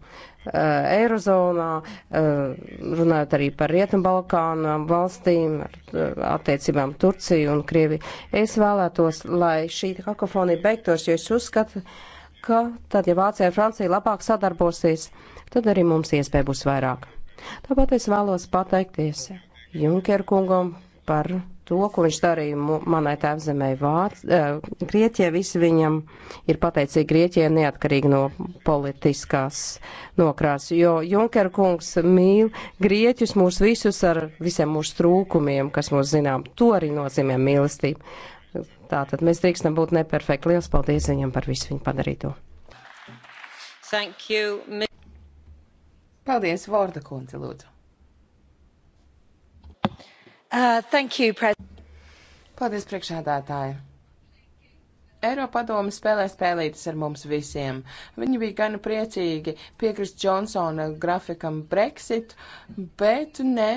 Eirozonā, uh, runājot arī par Rietumbalkānu valstīm, attiecībām Turciju un Krieviju. Es vēlētos, lai šī kakofonija beigtos, jo es uzskatu, ka tad, ja Vācija un Francija labāk sadarbosies, tad arī mums iespēja būs vairāk. Tāpat es vēlos pateikties Junker kungam par to, ko viņš darīja manai tēvzemē Vārts. Eh, Grieķie visi viņam ir pateicīgi Grieķie neatkarīgi no politiskās nokrās, jo Junker kungs mīl Grieķus mūs visus ar visiem mūsu trūkumiem, kas mūs zinām. To arī nozīmē mīlestība. Tātad mēs drīkstam būt neperfekti. Liels paldies viņam par visu viņu padarīto. Thank you. Paldies, Vorda kundze, lūdzu. Uh, thank you, President. Paldies, priekšādātāji. Eiropadome spēlē spēlītas ar mums visiem. Viņi bija gan priecīgi piekrist Džonsona grafikam Brexit, bet ne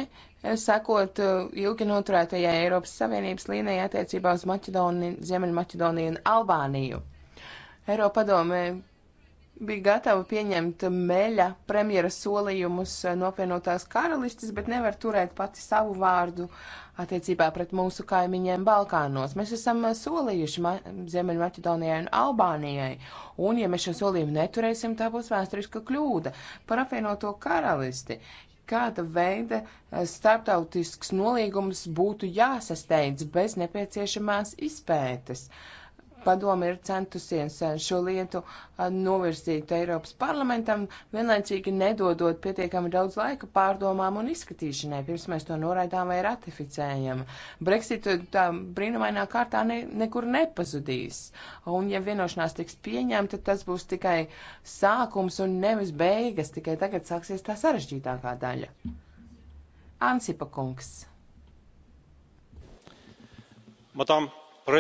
sekot uh, ilgi noturētajai Eiropas Savienības līnijai attiecībā uz Maķedoniju, Ziemeļmaķedoniju un Albāniju. Eiropadome bija gatava pieņemt meļa premjera solījumus no apvienotās karalistes, bet nevar turēt pati savu vārdu attiecībā pret mūsu kaimiņiem Balkānos. Mēs esam solījuši Ma Ziemeļmaķedonijai un Albānijai, un ja mēs šo solījumu neturēsim, tā būs vēsturiska kļūda par apvienoto karalisti. Kāda veida eh, starptautisks nolīgums būtu jāsasteidz bez nepieciešamās izpētes? Uh, padome ir centusies eh, šo lietu eh, novirzīt Eiropas parlamentam, vienlaicīgi nedodot pietiekami daudz laika pārdomām un izskatīšanai, pirms mēs to noraidām vai ratificējam. Brexit eh, tā brīnumainā kārtā ne, nekur nepazudīs. Un ja vienošanās tiks pieņemta, tas būs tikai sākums un nevis beigas, tikai tagad sāksies tā sarežģītākā daļa. Ansipa kungs. Madame Uh,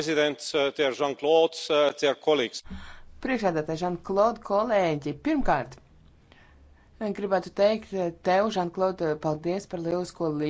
uh, Priekšādātāji Žanklod, kolēģi, pirmkārt, gribētu teikt tev, Žanklod, paldies par lielisko līdzi.